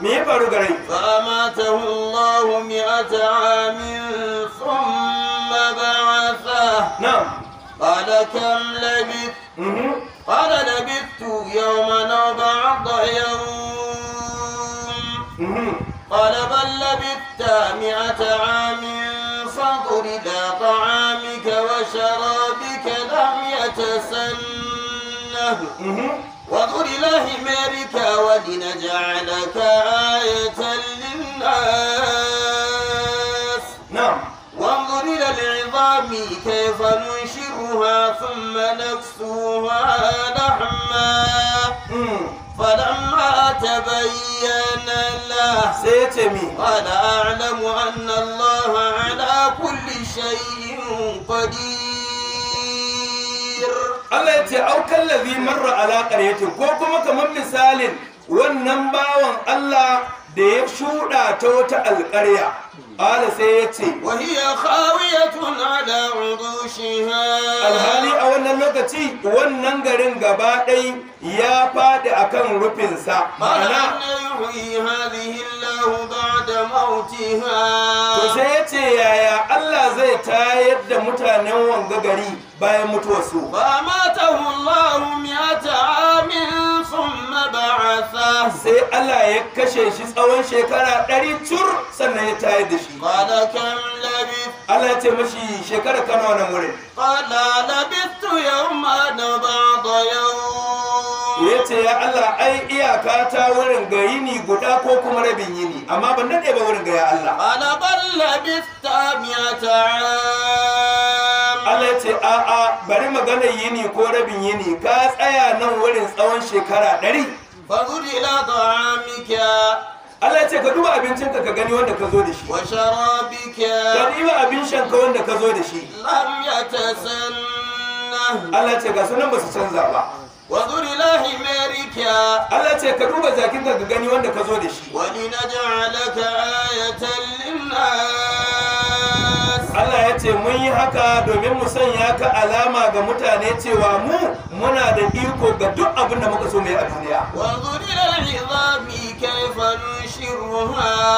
me faru gare fa matahu Allah mi'ata amin قال كم لبثت قال لبثت يوما أو بعض يوم قال بل لبثت مئة عام فانظر إلى طعامك وشرابك لم يتسنه وانظر إلى همارك ولنجعل نفسها لحما فلما تبين له قال أعلم أن الله على كل شيء قدير Allah ya ce, aukan lazi marra alaƙar ya ko kuma kamar misalin wannan bawan Allah da ya shuɗa ta wata alƙarya ƙala sai ya ce wahiya da ala ha alhali a wannan lokaci wannan garin gaba ɗai ya faɗi a kan rufinsa ma'ana to sai ya ce yaya Allah zai tayar da mutanen wanga gari bayan mutuwarsu ba matahu ya mi'ata sai Allah ya kashe shi tsawon shekara ɗari cur sannan ya tayar da shi Allah ya ce mashi shekara kana wannan wurin qala labithu ba'da ya Allah ai iyaka ta wurin ga yini guda ko kuma rabin yini amma ban dade ba wurin ga ya Allah miya Allah ya ce a'a bari magana yini ko rabin yini ka tsaya nan wurin tsawon shekara ɗari faruri ila ta'amika Allah ya ce ka duba abincinka ka gani wanda ka zo da shi. Wa sharabika. Ka duba abin ka wanda ka zo da shi. Lam ya tasanna. Allah ya ce ga sunan ba su canza ba. Wa lahi himarika. Allah ya ce ka duba zakinka ka gani wanda ka zo da shi. Wa ja'alaka ayatan linnas. Allah ya ce mun yi haka domin mu sanya ka alama ga mutane cewa mu muna da iko ga duk abin da muka so mai a duniya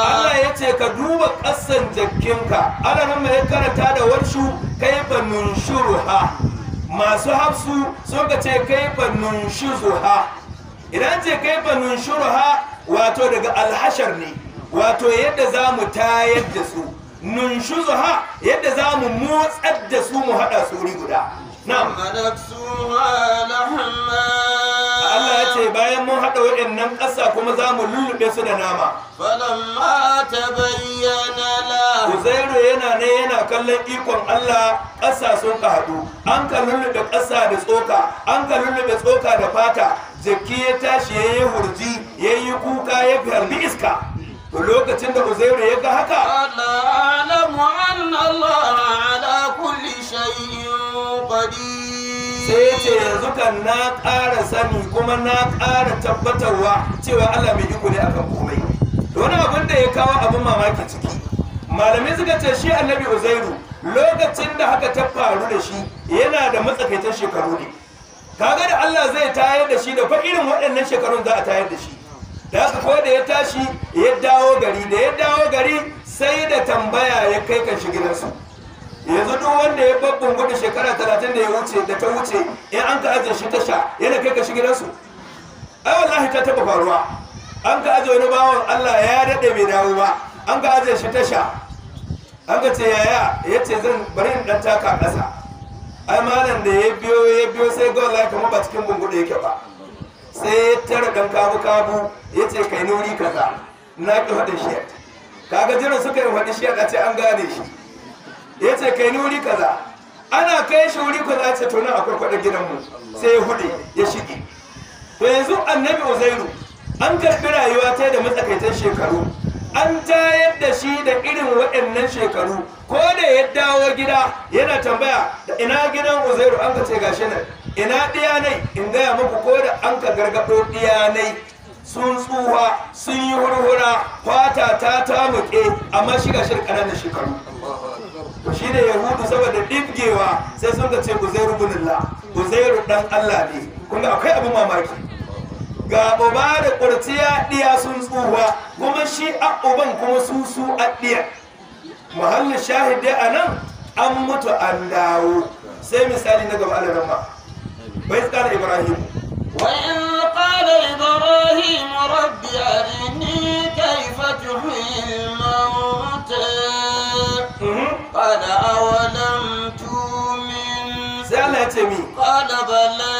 Allah ya ce ka duba ƙasan jakinka ana nan mai karanta da warshu kayfa ha. masu hafsu sun ka ce kai kayfa ha", idan ce kai kayfa ha wato daga alhashar ne wato yadda za mu tayar da su ha, yadda za mu motsar da su mu haɗa su wuri guda na'am Allah ya ce bayan mun haɗa waɗannan ƙasa kuma za mu lullube su da nama falamma tabayyana la Uzairu yana ne yana kallon ikon Allah ƙasa sun haɗu an ka lullube ƙasa da tsoka an ka lullube tsoka da fata jiki ya tashi ya yi hurji ya yi kuka ya fi iska to lokacin da Uzairu ya ga haka Allah alamu anna Allah ala kulli shay'in qadir sai ya ce yanzu kan na ƙara sani kuma na ƙara tabbatarwa cewa Allah mai iko ne akan komai wani abin da ya kawo abin mamaki ciki malamai suka ce shi annabi uzairu lokacin da haka ta faru da shi yana da matsakaitar shekaru ne kaga da Allah zai tayar da shi da fa irin waɗannan shekarun za a tayar da shi da haka ko da ya tashi ya dawo gari da ya dawo gari sai da tambaya ya kai kan shi gidansu yanzu duk wanda ya babban gudu shekara talatin da ya wuce da ta wuce in an ka ajiye shi tasha yana kai ka shi gidansu ai wallahi ta taba faruwa an ka ajiye wani bawon Allah ya daɗe bai dawo ba an ka ajiye shi tasha an ka ce yaya ya ce zan bari in ɗan taka ƙasa ai malam da ya biyo ya biyo sai ga wallahi kamar ba cikin bungudu yake ba sai ya tara ɗan kabu kabu ya ce kai nuri kaza na ki haɗin shi kaga jiran suka yi haɗin shi a ce an gane shi ya ce kai ni wuri kaza ana kai shi wuri kaza ce to nan a kwarkwadon gidanmu sai ya hude ya shige to yanzu annabi uzairu an karbi rayuwa ta da matsakaitan shekaru an tayar da shi da irin waɗannan shekaru ko da ya dawo gida yana tambaya da ina gidan uzairu an ka ce gashi nan ina ɗiya nai in gaya muku ko da an ka gargaɗo ɗiya nai sun tsuwa sun yi hurhura kwata ta tamuke amma shi gashi da shekaru shi ne yahudu saboda ɗibgewa sai sun ga ce uzairu bunillah uzairu dan allah ne kuma akwai abin mamaki ga uba da kurciya ɗiya sun tsuwa kuma shi a uban kuma su su a ɗiya muhallin shahidai a nan an mutu an dawo sai misali na gaba alaran ma bai tsara ibrahim وإن قال إبراهيم ربي أرني كيف تحيي الموتى Kada awalam tumin. Sai Allah ya ce mi. Kada bala.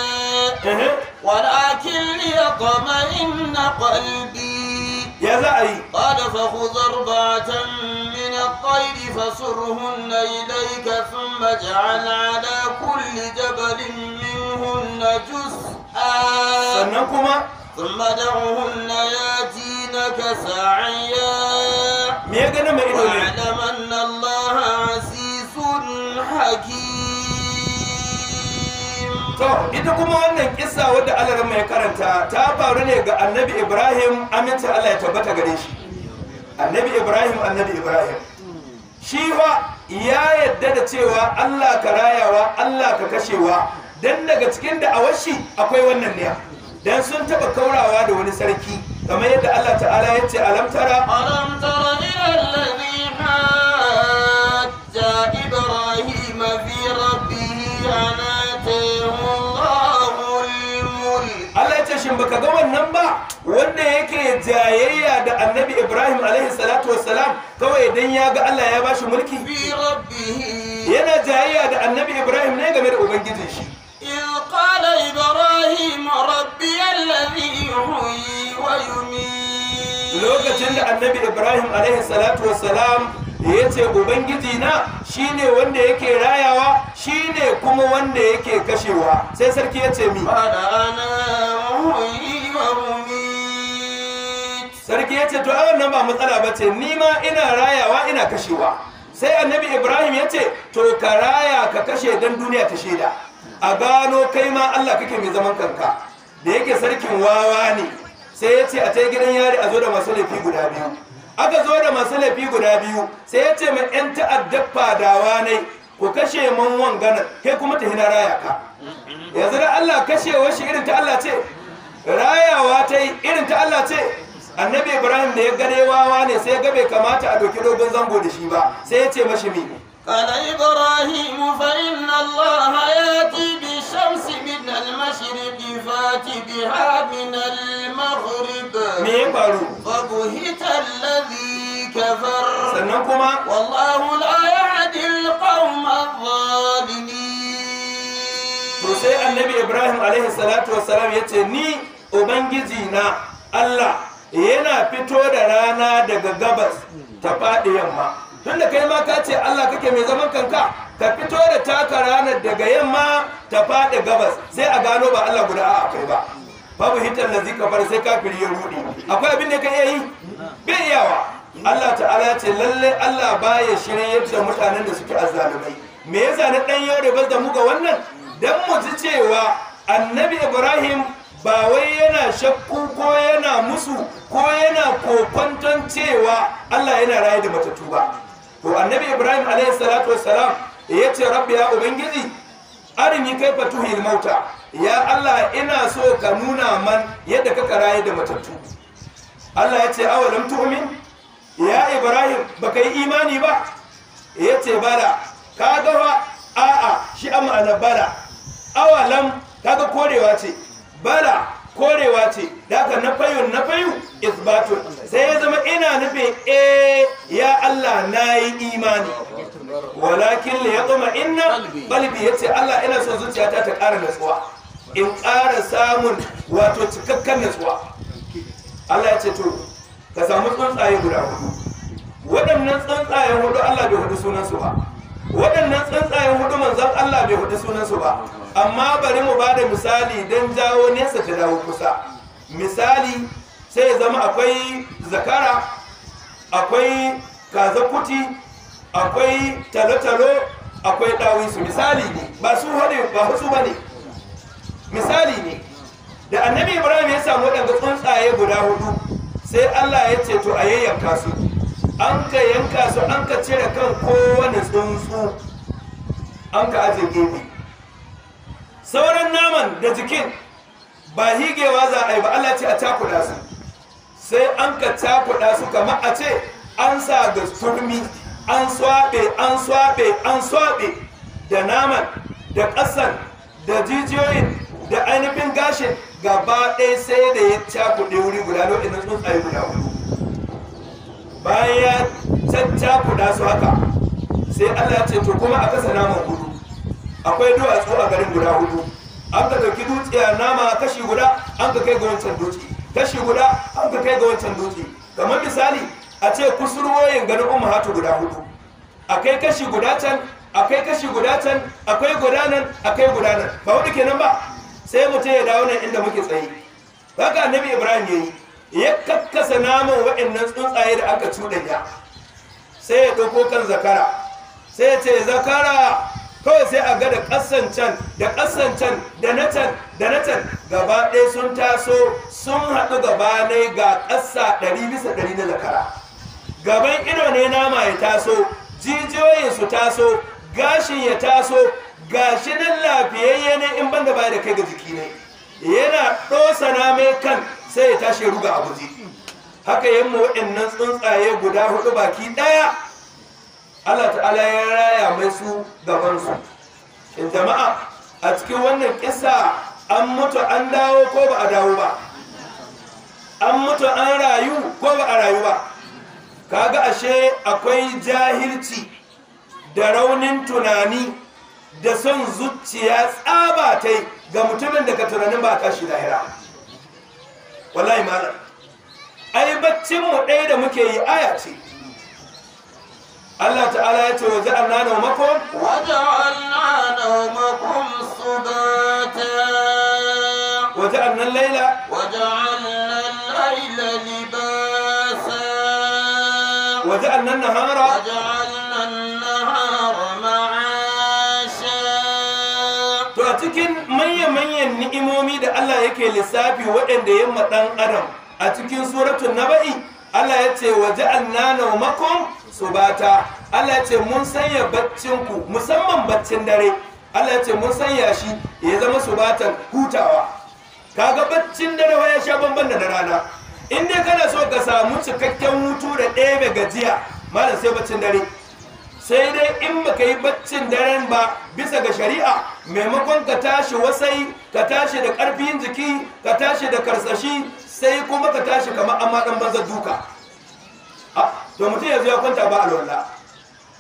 Walakin liya kama inna kwalbi. Ya a yi. Kada fa ku zarba can min kwalbi fa surhun na ilai ka sun baje da kulli jabalin min hunna jus. Sannan kuma. Sun baje hunna ya ji na ka sa'an ya. Me ya gani mai ido ne? to ita kuma wannan kissa wadda Allah mai karanta ta faru ne ga Annabi Ibrahim aminta Allah ya tabbata gare shi Annabi Ibrahim Annabi Ibrahim shi wa ya yadda da cewa Allah ka rayawa Allah ka kashewa dan daga cikin da awashi akwai wannan ne dan sun taba kaurawa da wani sarki kamar yadda Allah ta'ala ya ce alam tara alam tara ni fi rabbihi anatahu Allah ce shin baka ga wannan ba wanda yake jayayya da Annabi Ibrahim alaihi salatu wassalam kawai idan ya ga Allah ya bashi mulki yana jayayya da Annabi Ibrahim ne game da ubangijin shi Ibrahim قال إبراهيم ربي الذي يحيي ويميت da ya ce ubangiji na shine wanda yake rayawa shine kuma wanda yake kashewa sai sarki ya ce mi sarki ya ce to a wannan ba matsala ba ce ni ma ina rayawa ina kashewa sai annabi ibrahim ya ce to ka raya ka kashe don duniya ta shaida a gano kai ma allah kake mai zaman kanka da yake sarkin wawa ne sai ya ce a ta gidan yari a zo da masu laifi guda biyu aka zo da masu laifi guda biyu sai ya ce mai yan ta'addar fadawa ne ku kashe man wangana kai kuma ta hina raya ka yanzu da Allah kashe shi irin ta Allah ce rayawa ta yi irin ta Allah ce annabi Ibrahim da ya gane wawa ne sai ya ga bai kamata a doki dogon zango da shi ba sai ya ce mashi mi قال إبراهيم فإن الله يأتي بالشمس من المشرق فات بها من المغرب فبهت الذي كفر سنكما والله لا يهدي القوم الظالمين sai annabi ibrahim alaihi salatu wassalam ya ce ni ubangiji na allah yana fito da rana daga gabas ta faɗi yamma tunda kai ma ka ce Allah kake mai zaman kanka ka fito da taka ranar daga yamma ta faɗi gabas sai a gano ba Allah guda a kai ba babu hitar da zika bar sai kafir ya rudi akwai abin da ka iya yi bai iyawa Allah ta'ala ce lalle Allah baya shirye da mutanen da suke azzalumai me yasa na dan yau da da mu ga wannan dan mu ji cewa annabi Ibrahim ba wai yana shakku ko yana musu ko yana kokwanton cewa Allah yana raye da matattu ba to annabi ibrahim alayhi salatu wassalam ya rabbi ya ubangiji arini kai fatuhi mauta ya allah ina so ka nuna man yadda ka karaye da matattu allah yace ce awalam tu'min ya ibrahim baka yi imani ba yace ce bala ka ga a a'a shi amma ana bala awalam kaga korewa ce bala korewa ce da na fayu na fayu isbatu sai ya zama ina nufin eh ya Allah na yi imani walakin li yaqma inna qalbi yace Allah ina son zuciyata ta ƙara nutsuwa. in ƙara samun wato cikakken nutsuwa Allah ya ce to ka samu tsuntsaye guda hudu waɗannan tsuntsayen hudu Allah bai hudu sunansu ba waɗannan tsuntsayen hudu manzon Allah bai hudu sunansu ba amma bari mu ba da misali don jawo nesa ta dawo kusa misali sai zama akwai zakara akwai kazakuti akwai talotalo akwai ɗawisu misali ne ba su ba su ba ne misali ne da annabi ibrahim ya samu waɗanda tsuntsaye guda hudu sai allah ya ce to a yayyanka su an ka yanka su an ka cire kan kowane tsuntsu an ka aje gobe sauran naman da jikin ba higewa za a yi ba Allah ce a cakuɗa su sai an ka cakuɗa su kama a ce an sa da turmi an swaɓe an swaɓe an swaɓe da naman da ƙasan da jijiyoyin da ainihin gashin gaba ɗaya sai da ya cakuɗe wuri guda lokacin sun tsuntsaye guda hudu bayan ya caccakuɗa su haka sai Allah ce to kuma a kasa naman hudu akwai duwatsu a garin guda hudu an ka ɗauki dutsiya nama kashi guda an ka kai ga wancan dutse kashi guda an ka kai ga wancan dutse kamar misali a ce kusurwoyin garin hatu guda hudu akwai kashi guda can akwai kashi guda can akwai guda nan akwai guda nan ba hudu kenan ba sai mutum ya dawo nan inda muke tsaye haka annabi ibrahim ya yi. ya kakkasa naman waɗannan tsuntsaye da aka cuɗanya sai ya tafi kan zakara sai ya ce zakara kawai sai a ga da ƙasan can da ƙasan can da na can da na can gaba ɗaya sun taso sun haɗu gaba ne ga ƙasa ɗari bisa ɗari na zakara gaban ido ne nama ya taso jijiyoyin su taso gashin ya taso gashi nan lafiyayye ne in banda baya da kai ga jiki ne yana ɗosa na mai kan sai ya tashi ruga a guji haka yamma waɗannan tsuntsaye guda hudu baki ɗaya Allah ta'ala ya raya mai su gabansu in jama'a a cikin wannan kisa an mutu an dawo ko ba a dawo ba an mutu an rayu ko ba a rayu ba kaga ashe akwai jahilci da raunin tunani da son zuciya tsabatai ga mutumin daga tunanin ba tashi lahira wallahi malam ai baccin mu ɗaya da muke yi aya ce Allah ta'ala ya ce waje anna na makon? Waje anna na makon su bata. Waje annan laila? Waje annan laila libasa. Waje annan nahara? Waje annan nahara ma'asha. To a cikin manya-manyan ni'imomi da Allah yake lissafi waɗanda yamma ɗan adam a cikin suratun naba'i. Allah ya ce waje annana makon su subata Allah ya ce mun sanya baccinku musamman baccin dare Allah ya ce mun sanya shi ya zama su bata hutawa kaga baccin dare ya sha bamban da rana in dai kana so ka samu cikakken hutu da ɗebe gajiya malam sai baccin dare sai dai in baka yi baccin daren ba bisa ga shari'a maimakon ka tashi wasai ka tashi da ƙarfin jiki ka tashi da karsashi sai kuma ka tashi kamar ma dan banza duka to mutum yanzu ya kwanta ba alwala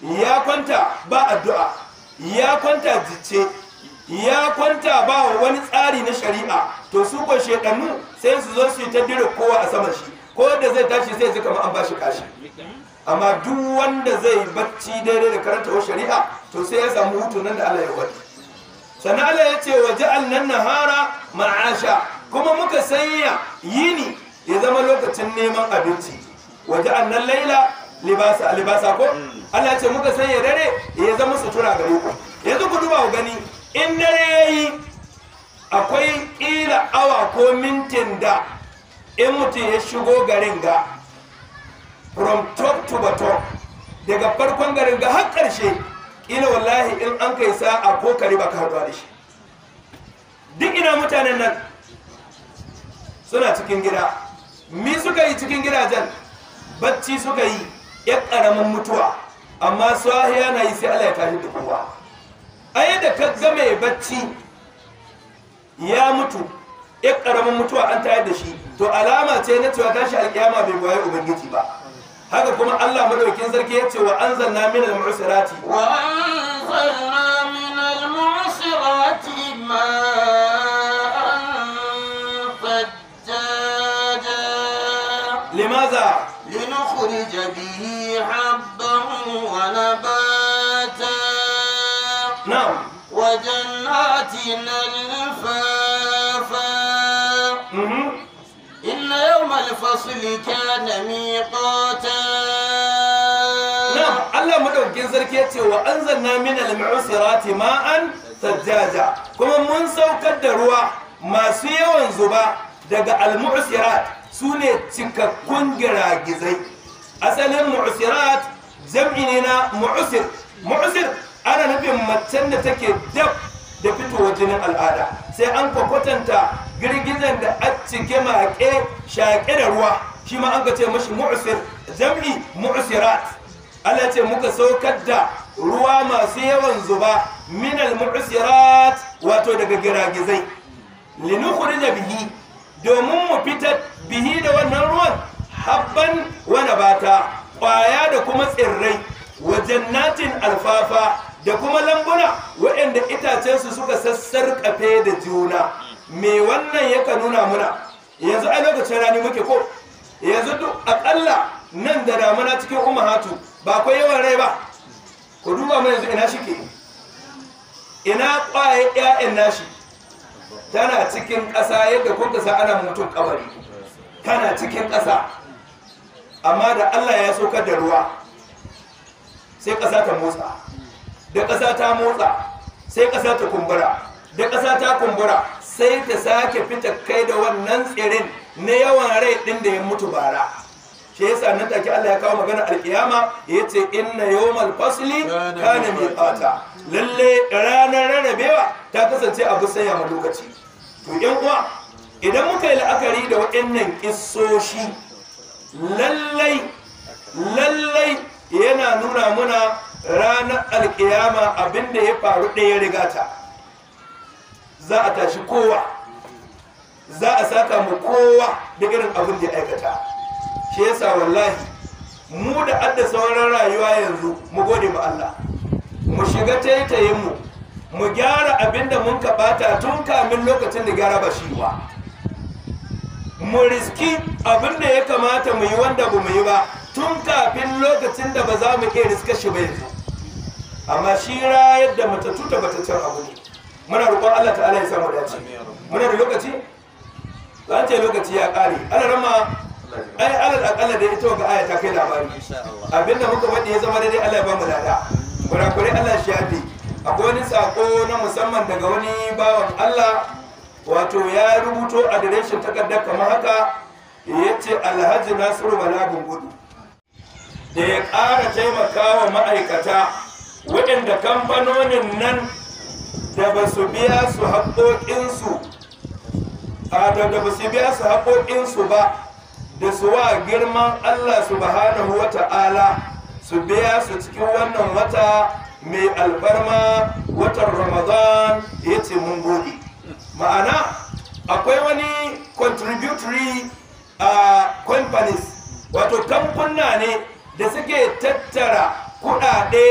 ya kwanta ba addu'a ya kwanta jice ya kwanta ba wani tsari na shari'a to su ko shedannu sai su zo su yi ta dire kowa a saman shi ko da zai tashi sai ji kamar an bashi kashi amma duk wanda zai bacci daidai da karanta wa shari'a to sai ya samu hutu nan da Allah ya wadi sannan Allah ya ce wa ja'alna nahara ma'asha kuma muka sanya yini ya zama lokacin neman abinci waje annan laila libasa libasa ko mm. Allah ce muka sanya dare ya zama sutura gare ku yanzu ku duba ku gani in dare yayi akwai kila awa ko mintin da in mutum ya shigo garin ga from top to bottom daga farkon garin ga har karshe kila wallahi in an kai sa'a ko kare baka haɗuwa da shi duk ina mutanen nan suna cikin gida mi suka yi cikin gidajen bacci suka yi 'yar ƙaramin mutuwa amma suwahiya na yi sai Allah ya tashi da kowa ai da ka ga bacci ya mutu 'yar ƙaramin mutuwa an tayar da shi to alama ce na cewa tashi alƙiyama bai goye ubangiji ba haka kuma Allah madaukakin sarki ya ce wa anzalna minal mu'sirati wa anzalna minal mu'sirati ma لماذا؟ لنخرج به حبا ونباتا نعم وجنات الفافا إن يوم الفصل كان ميقاتا نعم الله مدوكين زركيتي وأنزلنا من المعسرات ماء سجاجا كما من سوكت ruwa masu yawan zuba daga almu'sirat su ne cikakkun giragizai asalin mu'usirat jam'i ne na mu'usir ana nufin macen da take dab da fitowa jinin al'ada sai an kwakwatanta girgizan da a cike maƙe shaƙe da ruwa shi ma an ka ce mashi mu'usir jam'i mu'usirat Allah ce muka saukar da ruwa masu yawan zuba minal mu'usirat wato daga giragizai linukhrij bihi domin mu fitar bihi da wannan ruwan habban wani bata kwaya da kuma tsirrai wajen jannatin alfafa da kuma lambuna waɗanda itacensu suka sassar kafe da juna me wannan yaka nuna muna yanzu a lokacin rani muke ko yanzu duk aƙalla nan da damuna cikin umahatu ba akwai yawan rai ba ku duba mai yanzu ina shi ke ina ƙwaye 'ya'yan nashi tana cikin ƙasa yadda kun sa ana mutum kabari tana cikin ƙasa amma da Allah ya saukar da ruwa sai ƙasa ta motsa da ƙasa ta motsa sai ƙasa ta kumbura da ƙasa ta kumbura sai ta sake fita kai da wannan tsirin na yawan rai ɗin da ya mutu bara shi yasa nan take Allah ya kawo magana alkiyama yace inna yawmal fasli kana miqata lalle ranar rarrabewa ta kasance a saya ma lokaci to yan uwa idan muka yi la'akari da waɗannan kissoshi lallai lallai yana nuna muna ranar alkiyama abinda ya faru ɗaya rigata za a tashi kowa za a saka mu kowa da irin abin da ya aikata shi yasa wallahi mu da adda sauran rayuwa yanzu mu gode ba Allah mu shiga taitayin mu mu gyara abin da mun kaɓata tun kamin lokacin da gyara ba shi ba mu riski abin da ya kamata mu yi wanda ba mu yi ba tun kafin lokacin da ba za mu iya riska shi ba yanzu amma shi ra yadda matattu ta bata can abu ne muna roƙon Allah ta'ala ya samu dace muna da lokaci za ce lokaci ya ƙare ana rama ai alal akalla da ita ga aya ta kai labari abinda muka faɗi ya zama daidai Allah ya ba mu lada kurakure Allah shi yafi akwai wani sako na musamman daga wani bawan Allah wato ya rubuto adireshin takardar kamar haka ya ce alhaji nasiru bala gudu da ya ƙara taimaka wa ma'aikata waɗanda kamfanonin nan da ba su biya su haƙoƙinsu da ba su biya su haƙoƙinsu ba da su wa girman Allah su subhanahu wa ala. su biya su cikin wannan wata mai albarma watan ramadan ya ce mun gode ma'ana akwai wani contributory uh, companies wato kamfuna ne da suke tattara kudade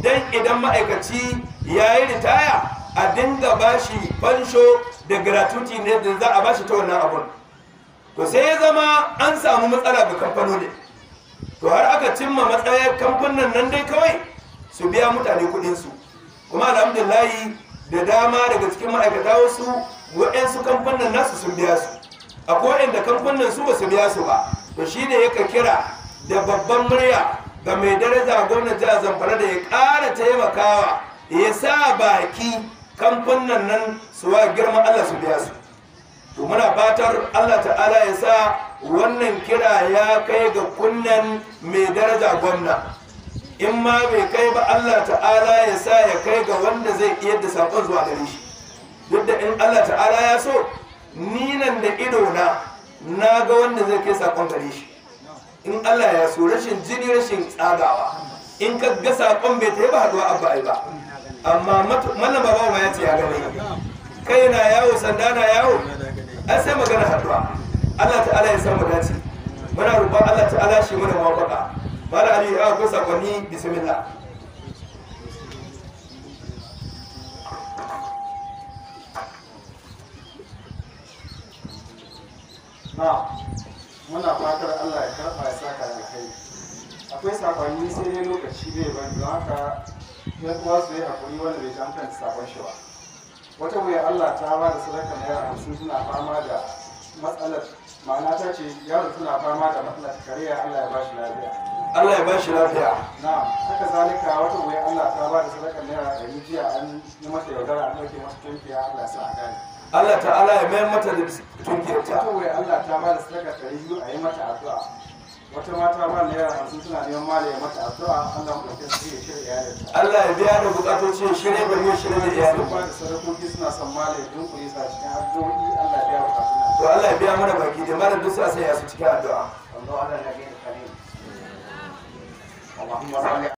don idan ma'aikaci ya yi ritaya a dinga bashi fansho da gratuity ne da za a bashi ta wannan abun to sai ya zama an samu matsala ga kamfanoni to har aka cimma matsayar kamfanin nan dai kawai su biya mutane kuɗinsu kuma alhamdulillahi da dama daga cikin ma'aikata wasu waɗansu kamfanin nasu sun biya su A akwai da kamfanin su ba su biya su ba to shi shine yaka kira da babban murya ga mai daraja gwamnan jihar zamfara da ya ƙara taimakawa ya sa baki kamfanin nan su wa girma allah su biya su to muna fatar allah ta'ala ya sa wannan kira ya kai ga kunnen mai daraja gwamna in ma bai kai ba Allah ta'ala ya sa ya kai ga wanda zai iya da saƙon zuwa gare shi duk da in Allah ta'ala ya so ni nan da ido na na ga wanda zai kai saƙon gare shi in Allah ya so rashin jini rashin tsagawa in ka ga saƙon bai ta ba haɗuwa abba ai ba amma mallam baba ya ce ya gane kai na yawo sanda na yawo an sai magana haɗuwa Allah ta'ala ya samu dace muna ruba Allah ta'ala shi mana mawafaka mala ali ya ko sakonni bismillah muna fatar Allah ya karɓa ya saka da kai akwai sakonni sai dai lokaci bai ban don haka ya kuma su yi hakuri wanda bai jan kan sakon shi ba wata wuya Allah ta ba da sadaka naira hamsin suna fama da matsalar ma'ana ta ce yaro suna fama da matsalar kariya Allah ya ba shi lafiya Allah ya ba shi lafiya na'am haka zalika wata wai Allah ta ba da sadakar naira ɗari jiya an yi mata yaudara an ɗauke mata tunkiya Allah ya sa a gane Allah ta'ala ya mayar mata da tunkiyarta wata wai Allah ta ba da sadakar yi biyu a yi mata addu'a wata mata ba naira hamsin suna neman mali ya mata addu'a Allah ya ɗauke su ya shirya iyalinta Allah ya biya da bukatoci ya shirya da ya shirya da iyalinta ba da sadakoki suna son mali ya dunkule sa cikin addu'o'i Allah ya biya bukatoci to Allah ya biya mana baki da mara dusa sai ya su cikin addu'a